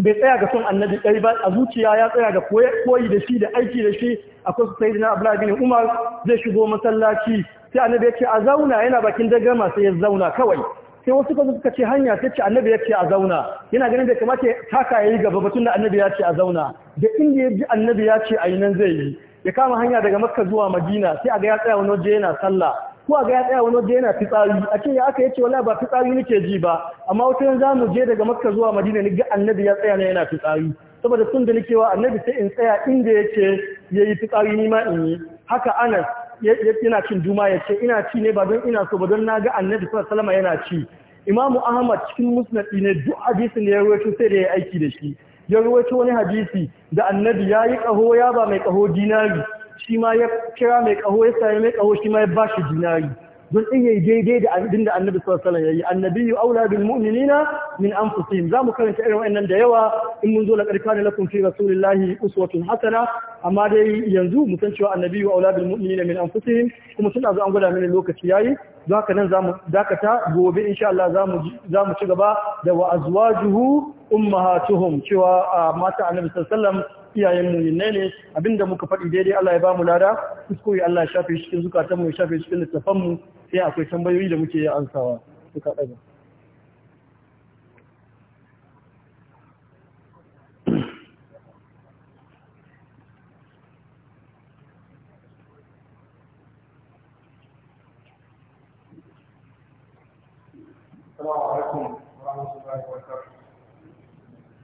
bai tsaya ga son annabi ɗari ba a zuciya ya tsaya ga koyi da shi da aiki da shi akwai su sayyidina abdullahi bin umar zai shigo masallaci sai annabi ya ce a zauna yana bakin dagama sai ya zauna kawai sai wasu kan suka ce hanya sai ce annabi ya ce a zauna yana ganin da kamata taka yi gaba batun da annabi ya ce a zauna da inda ya ji annabi ya ce a yi nan zai yi ya kama hanya daga makka zuwa madina sai a ga ya tsaya wani waje yana sallah ko a ga ya tsaya wani waje yana fitsari a ce ya aka yace wallahi ba fitsari nake ji ba amma wata yanzu mu je daga makka zuwa madina ni ga annabi ya tsaya ne yana fitsari saboda tun da nake wa annabi sai in tsaya inda yake yayi fitsari ni ma in yi haka anas yana cin duma ya ce ina ci ne ba don ina so ba don na ga annabi salama yana ci imamu ahmad cikin musnadi ne duk hadisi da ya rawaito sai da ya aiki da shi ya rawaito wani hadisi da annabi ya yi kaho ya ba mai kaho dinari shi ma ya kira mai kaho ya sami mai kaho shi ma ya ba shi dinari don in yayi daidai da abin da annabi sallallahu alaihi wasallam yayi annabiyyu aula bil mu'minina min anfusihim za karanta irin wannan da yawa in mun zo la karkana lakum fi rasulillahi uswatun hasana amma dai yanzu mu san cewa annabiyyu aula bil mu'minina min anfusihim kuma tun azu an gwada mini lokaci yayi don haka nan zamu dakata gobe insha Allah zamu zamu ci gaba da wa azwajuhu ummahatuhum cewa ah, mata annabi sallallahu alaihi wasallam iyayen mu'minai ne abinda muka faɗi daidai Allah ya ba mu lada kuskure Allah ya shafe shi cikin zukatanmu mu ya shafe shi cikin littafan mu sai akwai tambayoyi da muke ansawa suka daga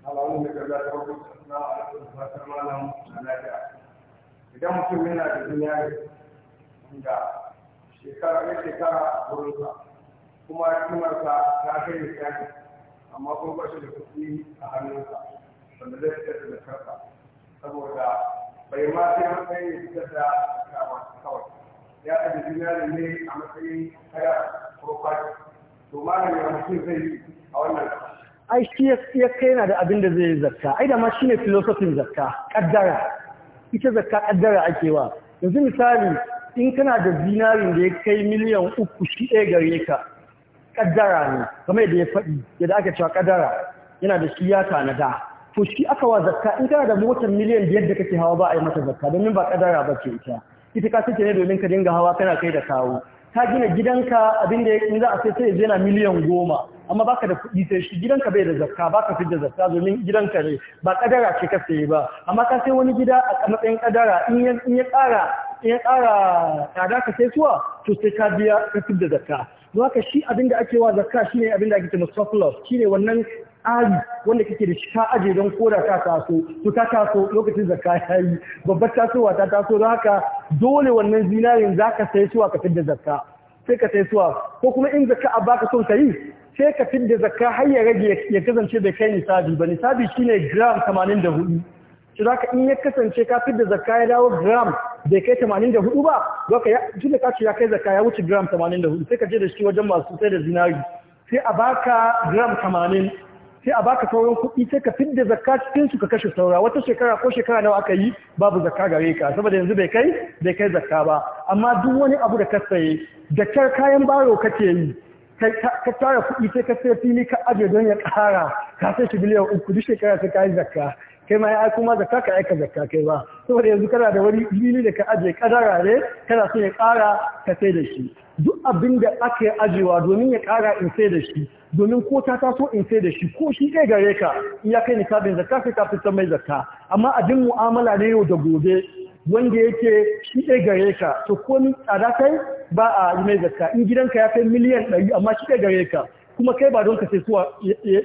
Allah'a emanet olun. idan mutum yana da duniya da shekara ya shekara a wurinsa kuma kimarsa ta kai misali amma kuma ba shi da kuɗi a hannunsa wanda zai fitar da kansa saboda bai ma sai matsayin ya fitar da kama kawai ya ɗaga duniya ne a matsayin kaya ko kwaci to ma ne mutum zai yi a wannan kasa ai shi ya kai na da abin da zai zakka ai da ma shine filosofin zakka kaddara ita zakka kaddara ake wa yanzu misali in kana da zinarin da ya kai miliyan uku shi ɗaya gare ka kaddara ne kamar yadda ya faɗi yadda aka cewa kaddara yana da shi ya tanada to shi aka wa zakka in kana da motar miliyan biyar da kake hawa ba a yi mata zakka domin ba kaddara ba ce ita ita ka sake ne domin ka dinga hawa kana kai da kawo ka gina gidanka abinda in za a sai sai yana miliyan goma amma baka da kuɗi sai shi gidanka bai da zakka baka fi da zakka domin gidanka ne ba kadara ce ka sayi ba amma ka sai wani gida a matsayin kadara in ya in ya ƙara in ya ƙara tsada ka sai suwa to sai ka biya ka fi da zakka don haka shi abinda ake wa zakka shine abinda ake cewa surplus shine wannan ari wanda kake da shi ka aje don koda ta taso to ta taso lokacin zakka ya yi babbar tasowa ta taso don haka dole wannan zinarin za ka sai suwa ka fidda zakka sai ka sai suwa ko kuma in zakka a baka son ka yi sai ka fidda zakka har ya rage ya kasance bai kai nisabi ba nisabi shine gram 84 shi za ka in ya kasance ka fidda zakka ya dawo gram bai kai 84 ba za ka tunda ka ce ya kai zakka ya wuce gram 84 sai ka je da shi wajen masu sai da zinari sai a baka gram tamanin. sai a baka sauran kuɗi sai ka fidda zakka cikin su ka kashe saura wata shekara ko shekara nawa aka yi babu zakka gare ka saboda yanzu bai kai bai kai zakka ba amma duk wani abu da ka saye da kyar kayan baro kake yi ka tara kuɗi sai ka sai fili ka ajiye don ya ƙara ka sai shi biliyan uku duk shekara sai ka yi zakka kai ma ai kuma zakka ka aika zakka kai ba saboda yanzu kana da wani lili da ka aje kadara ne kana so ya kara ka sai da shi duk abin da aka yi ajewa domin ya kara in sai da shi domin ko ta taso in sai da shi ko shi kai gare ka in ya kai nisabin zakka sai ka fitar mai zakka amma abin mu'amala ne yau da gobe wanda yake shi ɗaya gare ka to ko ni tsada kai ba a yi mai zakka in gidanka ya kai miliyan ɗari amma shi ɗaya gare ka kuma kai ba don ka sai suwa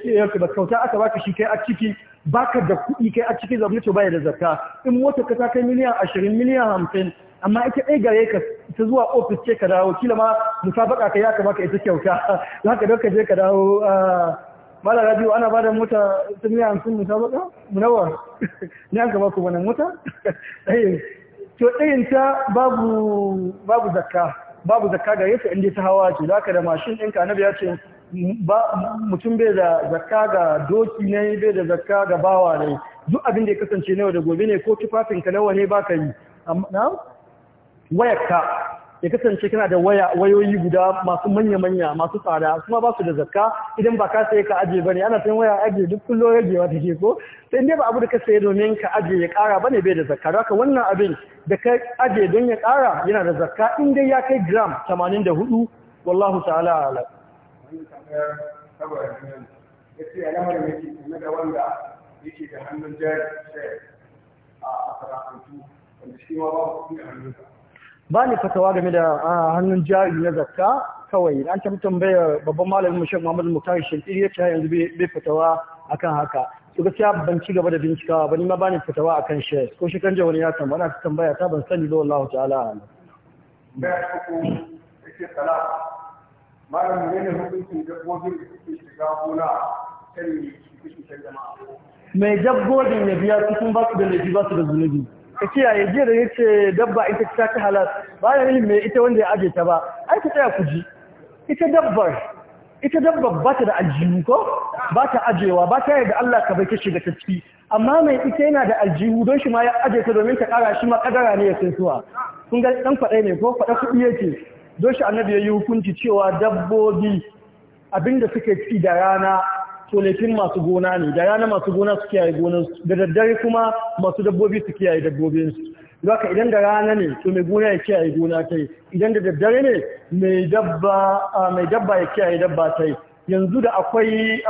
yanka ba kyauta aka baka shi kai a ciki baka da kuɗi kai a cikin gwamnati baya da zakka in mota ka ta kai miliyan ashirin miliyan hamsin amma ita ɗaya gare ka ta zuwa ofis ce ka dawo kila ma musabaka ka ya kamata ita kyauta za ka dauka je ka dawo mala rabiu ana bada mota ta miliyan hamsin musabaka munawa ne an gaba ku wannan mota to ɗayin ta babu babu zakka babu zakka gare su inda ta hawa ce za ka da mashin ɗinka na ya ce mutum bai da zakka ga doki ne bai da zakka ga bawa ne duk abin da ya kasance nawa da gobe ne ko tufafin ka nawa ne baka yi amma ka ya kasance kana da waya wayoyi guda masu manya-manya masu tsada kuma ba su da zakka idan ba ka sai ka aje bane ana san waya aje duk kullum ragewa take ko sai dai ba abu da ka sai domin ka aje ya kara bane bai da zakka haka wannan abin da ka aje don ya kara yana da zakka in dai ya kai gram 84 wallahu ta'ala alam bani ba ni fatawa game da hannun jari na zakka kawai an tafi tambayar babban malamin mu Sheikh Muhammad Muktar Shantiri ya ce yanzu bai fatawa akan haka to gaskiya ban ci gaba da bincikawa ba ni ma bani a akan shi ko shi kan wani ya tambaya ana ta ban sani da Allah ta'ala ba ko malam ne ne hukuncin dabbobin da suke shiga gona kan cikin jama'a mai dabbobin ya biya cikin ba su da laifi ba su da zunubi ka kiyaye jiya da yace dabba ita ta ta halal ba ya yi mai ita wanda ya aje ta ba ai ka tsaya ku ji ita dabbar ita dabbar ba ta da aljihu ko ba ta ajewa ba ta yarda Allah ka bai ta shiga ta ciki amma mai ita yana da aljihu don shi ma ya aje ta domin ta kara shi ma kadara ne ya sai suwa kun ga dan faɗai ne ko faɗa kuɗi yake don shi annabi ya yi hukunci cewa dabbobi abinda suke ci da rana to laifin masu gona ne da rana masu gona su kiyaye gonarsu da daddare kuma masu dabbobi su kiyaye dabbobinsu Zaka idan da rana ne to mai gona ya kiyaye gona ta yi idan da daddare ne mai dabba ya kiyaye dabba ta yi yanzu da akwai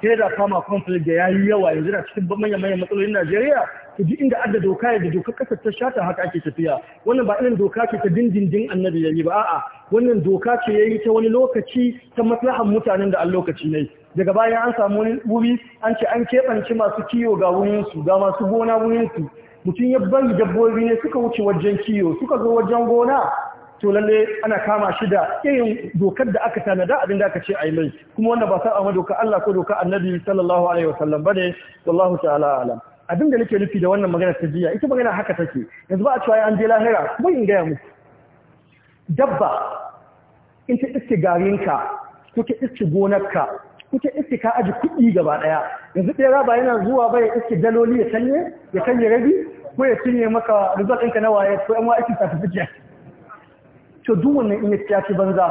trader farmer conflict da ya yi yawa yanzu da cikin manyan manyan matsalolin najeriya ku ji inda adda doka da dokar kasar ta shata haka ake tafiya wannan ba irin doka ce ta dindindin annabi yayi ba a'a wannan doka ce yayi ta wani lokaci ta maslahan mutanen da an lokaci ne daga bayan an samu wani wuri an ce an keɓance masu kiyo ga wurin ga masu gona wurin mutum ya bari dabbobi ne suka wuce wajen kiyo suka zo wajen gona to lalle ana kama shi da irin dokar da aka tanada abin da aka ce a yi mai kuma wannan ba sa a doka Allah ko doka annabi sallallahu alaihi wasallam bane wallahu ta'ala alam abin da nake nufi da wannan magana ta jiya ita magana haka take yanzu ba a cewa an je lahira kuma in gaya muku dabba in ta iske garinka ko ta iske gonarka ko ta iske ka aji kuɗi gaba ɗaya yanzu ɗaya ba yana zuwa ba ya iske daloli ya canye ya canye rabi ko ya cinye maka rizal ɗinka na waye ko yan wa'aikin certificate to duk wannan in ya ci banza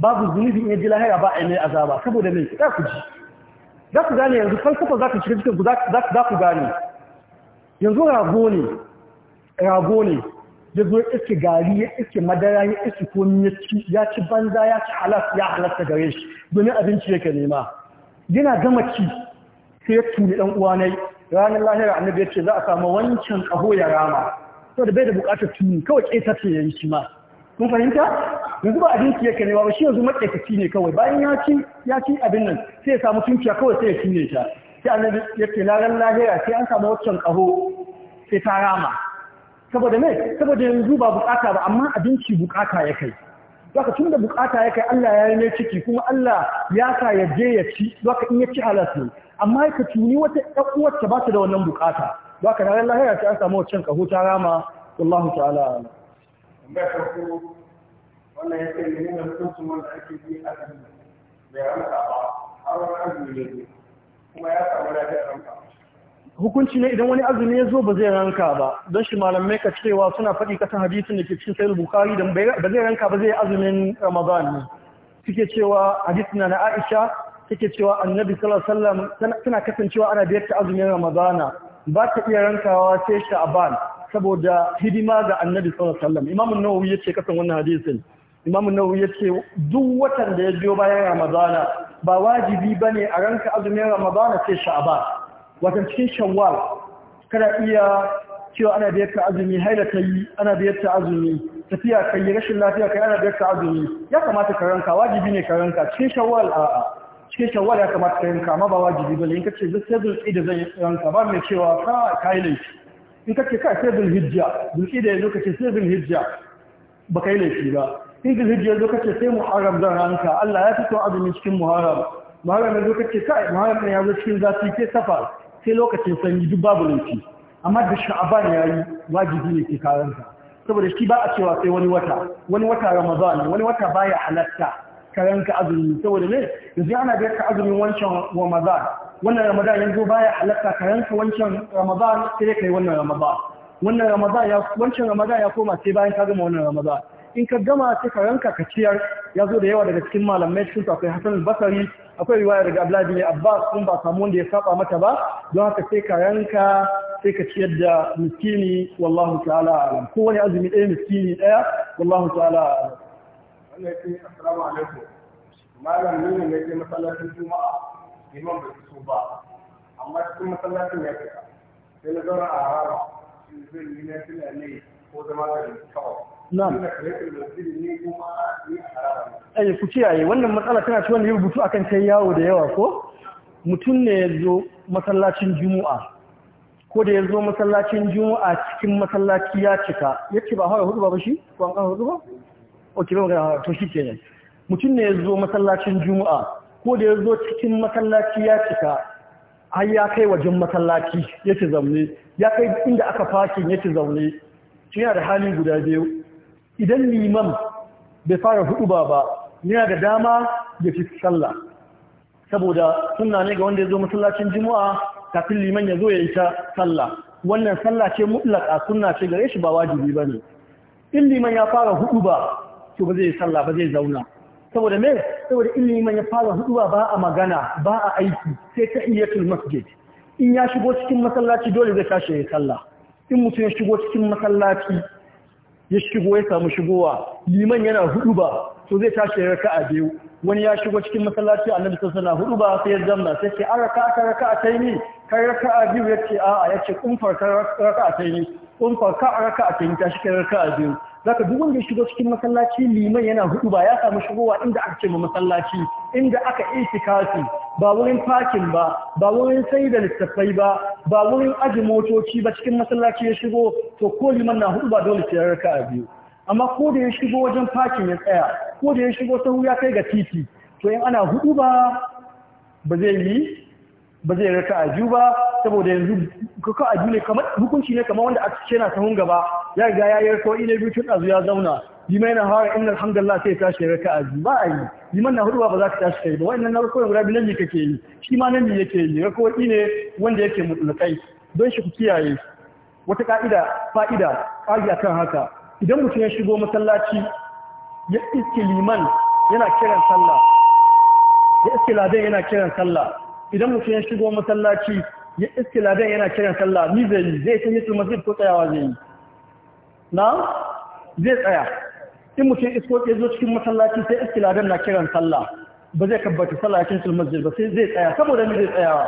babu zunubi in ya je lahira ba a yi mai azaba saboda mai za ku ji za ku gane yanzu falsafa za ku shiga cikin ku za ku gane yanzu rago ne rago ne ya zo iske gari ya iske madara ya iske komi ya ci banza ya ci halas ya halasta gare shi domin abinci yake nema yana gama ci sai ya tuni dan uwa ne ranar lahira annabi ya ce za a samu wancan kaho ya rama to da bai da bukatar tuni kawai ƙeta ya yi shi ma kun fahimta yanzu ba abinci yake nema ba shi yanzu maƙetaci ne kawai bayan ya ci ya ci abin nan sai ya samu tunciya kawai sai ya tuni ta sai annabi ya ce na ran lahira sai an samu waccan ƙaho sai ta rama saboda me saboda yanzu ba bukata ba amma abinci bukata ya kai zaka da bukata ya kai Allah ya yi ne ciki kuma Allah ya sa ya je ya ci zaka in ya ci halas ne amma ka tuni wata ɗan ta ba ta da wannan bukata zaka na ran lahira sai an samu waccan ƙaho ta rama wallahu ta'ala wannan ya ce ne ne mutum wanda ake yi azumi bai ramka ba har wani azumi ne hukunci ne idan wani azumi ya zo ba zai ranka ba don shi malamai ka cewa suna faɗi kasan hadisin da ke cikin sayar bukari da ba zai ranka ba zai azumin ramadan ne suke cewa hadisin na aisha suke cewa annabi sallallahu tana kasancewa ana biyar ta azumin ramadana ba ta iya rankawa sai ban saboda hidima ga annabi sallallahu alaihi wasallam imamu nawawi yace kasan wannan hadisin imamu nawawi yace duk watan da ya biyo bayan Ramadan. ba wajibi ba ne a ranka azumin ramadana sai sha'aban wajen cikin shawar kana iya cewa ana biyar ka azumi haila ta yi ana biyar ta azumi tafiya ka yi rashin lafiya ka yi ana biyar ka azumi ya kamata ka ranka wajibi ne ka ranka cikin shawar a'a cikin shawar ya kamata ka ranka amma ba wajibi ba ne in ka ce zai sai da zai ranka ba mai cewa ka kai laifi in ka ce ka sai hijja dulki da yanzu ka ce sai hijja ba kai laifi ba idil hijja zo kace sai muharram zan ranka Allah ya fito azumi cikin muharram muharram zo kace kai muharram ya zo cikin zafi sai safar sai lokacin sanyi duk babu laifi amma da sha'aban yayi wajibi ne ke karanta saboda shi ba a cewa sai wani wata wani wata ramadan wani wata baya halatta karanka azumi saboda ne yanzu ana da ka azumin wancan ramadan wannan ramadan yanzu baya halatta karanka wancan ramadan sai kai wannan ramadan wannan ramadan ya wancan ramadan ya koma sai bayan ka gama wannan ramadan in ka gama sai ka ranka ka ciyar ya zo da yawa daga cikin malamai cikin akwai Hassan Basari akwai riwaya daga Abdullahi bin Abbas kun ba samu wanda ya saba mata ba don haka sai ka ranka sai ka ciyar da miskini wallahu ta'ala alam ko wani azumi ɗaya miskini ɗaya wallahu ta'ala alam wannan ce assalamu alaikum malam ni ne nake masallacin juma'a imam bai so ba amma cikin masallacin ya fita sai na zauna a harama zai yi na tunani ko zama garin kawai Ai ku kiyaye wannan matsala tana ci wanda ya rubutu akan kai yawo da yawa ko? Mutum ne ya zo masallacin Juma'a. Ko da ya zo masallacin Juma'a cikin masallaci ya cika, ya ce ba hawa hudu ba shi? Ko an kawo hudu ba? Ok, ba magana to shi kenan. Mutum ne ya zo masallacin Juma'a. Ko da ya zo cikin masallaci ya cika, ai ya kai wajen masallaci ya ci zaune, ya kai inda aka fashin ya ci zaune, shi yana da hali guda biyu idan liman bai fara hudu ba ba yana da dama ya fi sallah saboda suna ne ga wanda ya zo masallacin juma'a kafin liman ya zo ya yi ta sallah wannan sallah ce mutlaka sunna ce gare shi ba wajibi ba ne in liman ya fara hudu ba to ba zai yi sallah ba zai zauna saboda me saboda in liman ya fara hudu ba a magana ba a aiki sai ta iyatul masjid in ya shigo cikin masallaci dole zai tashi ya yi sallah in mutum ya shigo cikin masallaci ya shigo ya samu shigowa liman yana hudu ba to zai tashi ya raka a biyu wani ya shigo cikin masallaci annabi sallallahu alaihi wasallam hudu ba sai ya zama sai ce araka ka raka a taimi kai raka a biyu yace a'a ya yace kun farka raka a taini kun farka raka a taini tashi kai raka a biyu zaka duk wanda ya shigo cikin masallaci liman yana hudu ba ya samu shigowa inda aka ce ma masallaci inda aka itikafi ba wurin parking ba ba wurin sai da littattafai ba ba wurin aji motoci ba cikin masallaci ya shigo to ko liman na hudu ba dole sai raka a biyu amma ko da ya shigo wajen parking ya tsaya ko da ya shigo sahu ya kai ga titi to in ana hudu ba ba zai yi ba zai raka a ju ba saboda yanzu kuka a ju ne kamar hukunci ne kamar wanda a cikin yana sahun gaba ya riga ya yarka wa ina biyu tun ya zauna liman na hawa inna alhamdulillah sai tashi raka a ju ba a yi liman na hudu ba za ka tashi kai ba wannan na rako guda biyu nan kake yi shi ma nan yake yi rako ne wanda yake kai. don shi ku kiyaye wata ka'ida fa'ida ƙari akan haka idan mutum ya shigo masallaci ya iske liman yana kiran sallah ya iske ladan yana kiran sallah idan mutum ya shigo masallaci ya iske ladan yana kiran sallah ni zai yi, zai ta hisul masjid ko tsayawa zai yi na zai tsaya in mutum isko ya zo cikin masallaci sai iske ladan na kiran sallah ba zai kabbata sallah ya kinsul masjid ba sai zai tsaya saboda ni zai tsayawa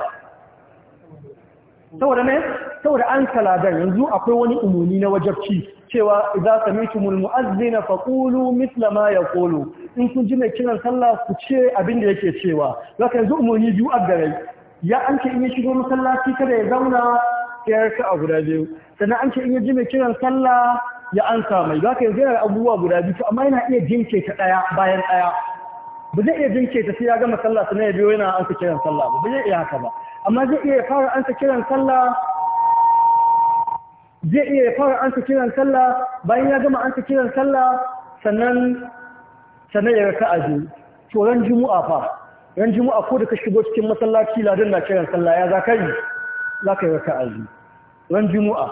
saboda ne saboda an kaladan yanzu akwai wani umuni na wajabci cewa idza sami'tumul mu'azzina faqulu mithla ma yaqulu in kun ji mai kiran sallah ku ce abin da yake cewa zaka yanzu umarni biyu a gare ya an ce in ya shigo masallaci kada ya zauna ya raka a guda biyu sannan an ce in ya ji mai kiran sallah ya ansa mai zaka yanzu yana abubuwa guda biyu amma yana iya jinke ta daya bayan daya ba zai iya jinke ta sai ya gama sallah sannan ya biyo yana ansa kiran sallah ba ba zai iya haka ba amma zai iya fara ansa kiran sallah zai iya fara ansa kiran sallah bayan ya gama ansa kiran sallah sannan sannan ya raka a biyu to ran jimu'a fa ran jimu'a ko da ka shigo cikin masallaci ladan na kiran sallah ya zaka yi zaka yi raka a biyu ran juma'a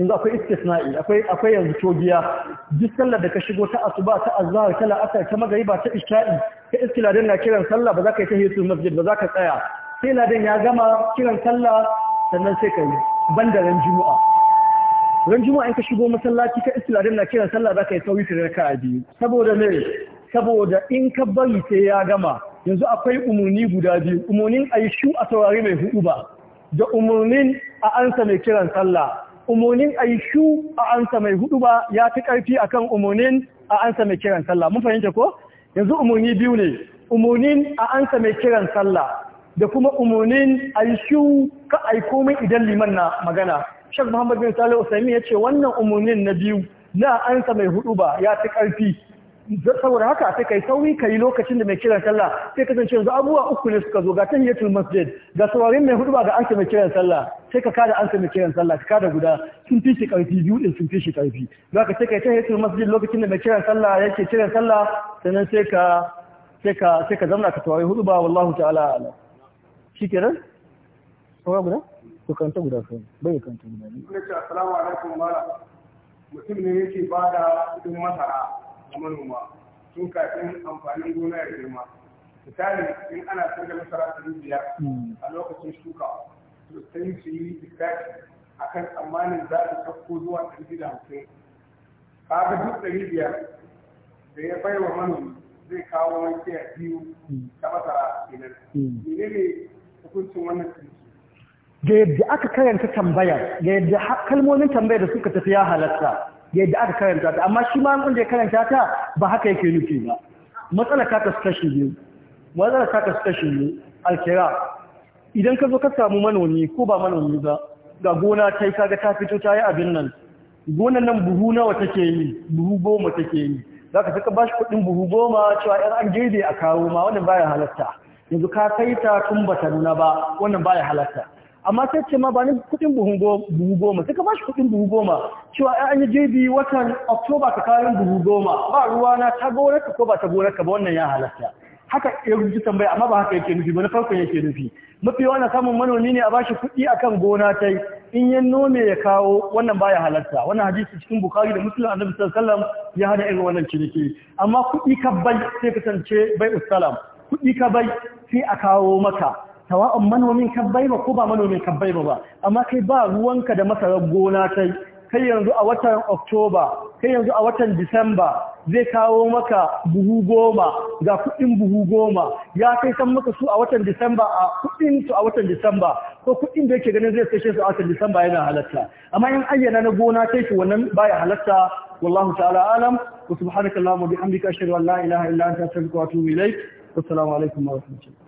yanzu akwai istisna'i akwai akwai yanzu togiya duk sallar da ka shigo ta asuba ta azhar ta la'asar ta magriba ta isha'i ka iski ladan na kiran sallah ba za ka yi ta tahiyatul masjid ba za ka tsaya sai ladan ya gama kiran sallah sannan sai ka yi Ban da ran jimu'a. ran jimu'a in ka shigo masallaci ka iski ladan na kiran sallah za ka yi sauyi ta raka'a biyu saboda me saboda in ka bari sai ya gama yanzu akwai umarni guda biyu umarnin a yi shu a saurari mai hudu ba da umarnin a ansa mai kiran sallah umarnin a yi shu a ansa mai hudu ba ya fi karfi akan umarnin a ansa mai kiran sallah mun fahimta ko yanzu umarni biyu ne umarnin a ansa mai kiran sallah da kuma umarnin a yi shu ka aiko yi idan liman na magana shek muhammad bin salihu usaimi ya ce wannan umarnin na biyu na ansa mai hudu ba ya fi karfi saboda haka sai kai sauri kai lokacin da mai kiran sallah sai kasance yanzu abubuwa uku ne suka zo ga tahiyatul masjid ga sawarin mai hudu ba ga ansa mai kiran sallah sai ka kada ansa mai kiran sallah ka kada guda sun fi shi karfi biyu din sun fi shi karfi ka sai kai tahiyatul masjid lokacin da mai kiran sallah yake kiran sallah sannan sai ka sai ka sai ka zauna ka saurari hudu ba wallahu ta'ala ala shikenan saurari guda ko kanta guda sai bai kanta guda ne assalamu alaikum mala mutum ne yake bada kudin masara manoma tun kafin amfanin gona ya girma misali in ana son da masara ta biyar hmm. a lokacin shuka to sai su yi lissafi a kan tsammanin za su sauko zuwa ɗari biyu da hamsin kaga duk ɗari biyar da ya bai wa manomi zai kawo wani kiyar biyu hmm. ta masara kenan hmm. menene hukuncin wannan ciniki da yadda aka karanta tambayar da yadda kalmomin tambayar da suka tafi ya halatta yadda aka karanta ta amma shi ma mun da karanta ta ba haka yake nufi ba matsala ka kasu kashi ne matsala ka kasu kashi ne alkira idan ka zo ka samu manomi ko ba manomi ba ga gona ta yi kaga ta fito ta yi abin nan gonan nan buhu nawa take yi buhu goma take yi za ka saka ba shi kuɗin buhu goma cewa yan an girbe a kawo ma wannan baya halatta yanzu ka kai ta tun ba ta nuna ba wannan baya halatta amma sai ce ma ba ni kuɗin buhu goma sai ka ba shi kuɗin buhu goma cewa ya an yi jirbi watan oktoba ka kayan buhu goma ba ruwa na ta gonarka ko ba ta gonarka ba wannan ya halatta haka ya rubuta tambaya amma ba haka yake nufi ba na farkon yake nufi mafi yawan samun manomi ne a ba bashi kuɗi akan gona ta in ya nome ya kawo wannan baya halatta wannan hadisi cikin bukari da musulun annabi sallallahu alaihi wasallam ya hana irin wannan ciniki amma kuɗi ka bai sai kasance bai usalam kuɗi ka bai sai a kawo maka tawa'un manomin kabbai ba ko ba manomin kabbai ba amma kai ba ruwanka da masarar gona kai kai yanzu a watan oktoba kai yanzu a watan disamba zai kawo maka buhu goma ga kudin buhu goma ya kai san maka su a watan disamba a kudin su a watan disamba ko kudin da yake ganin zai kashe su a watan disamba yana halatta amma in ayyana na gona kai shi wannan baya halatta wallahu ta'ala alam wa subhanakallahumma bihamdika ashhadu an la ilaha illa anta astaghfiruka wa atubu ilaik assalamu alaikum wa rahmatullahi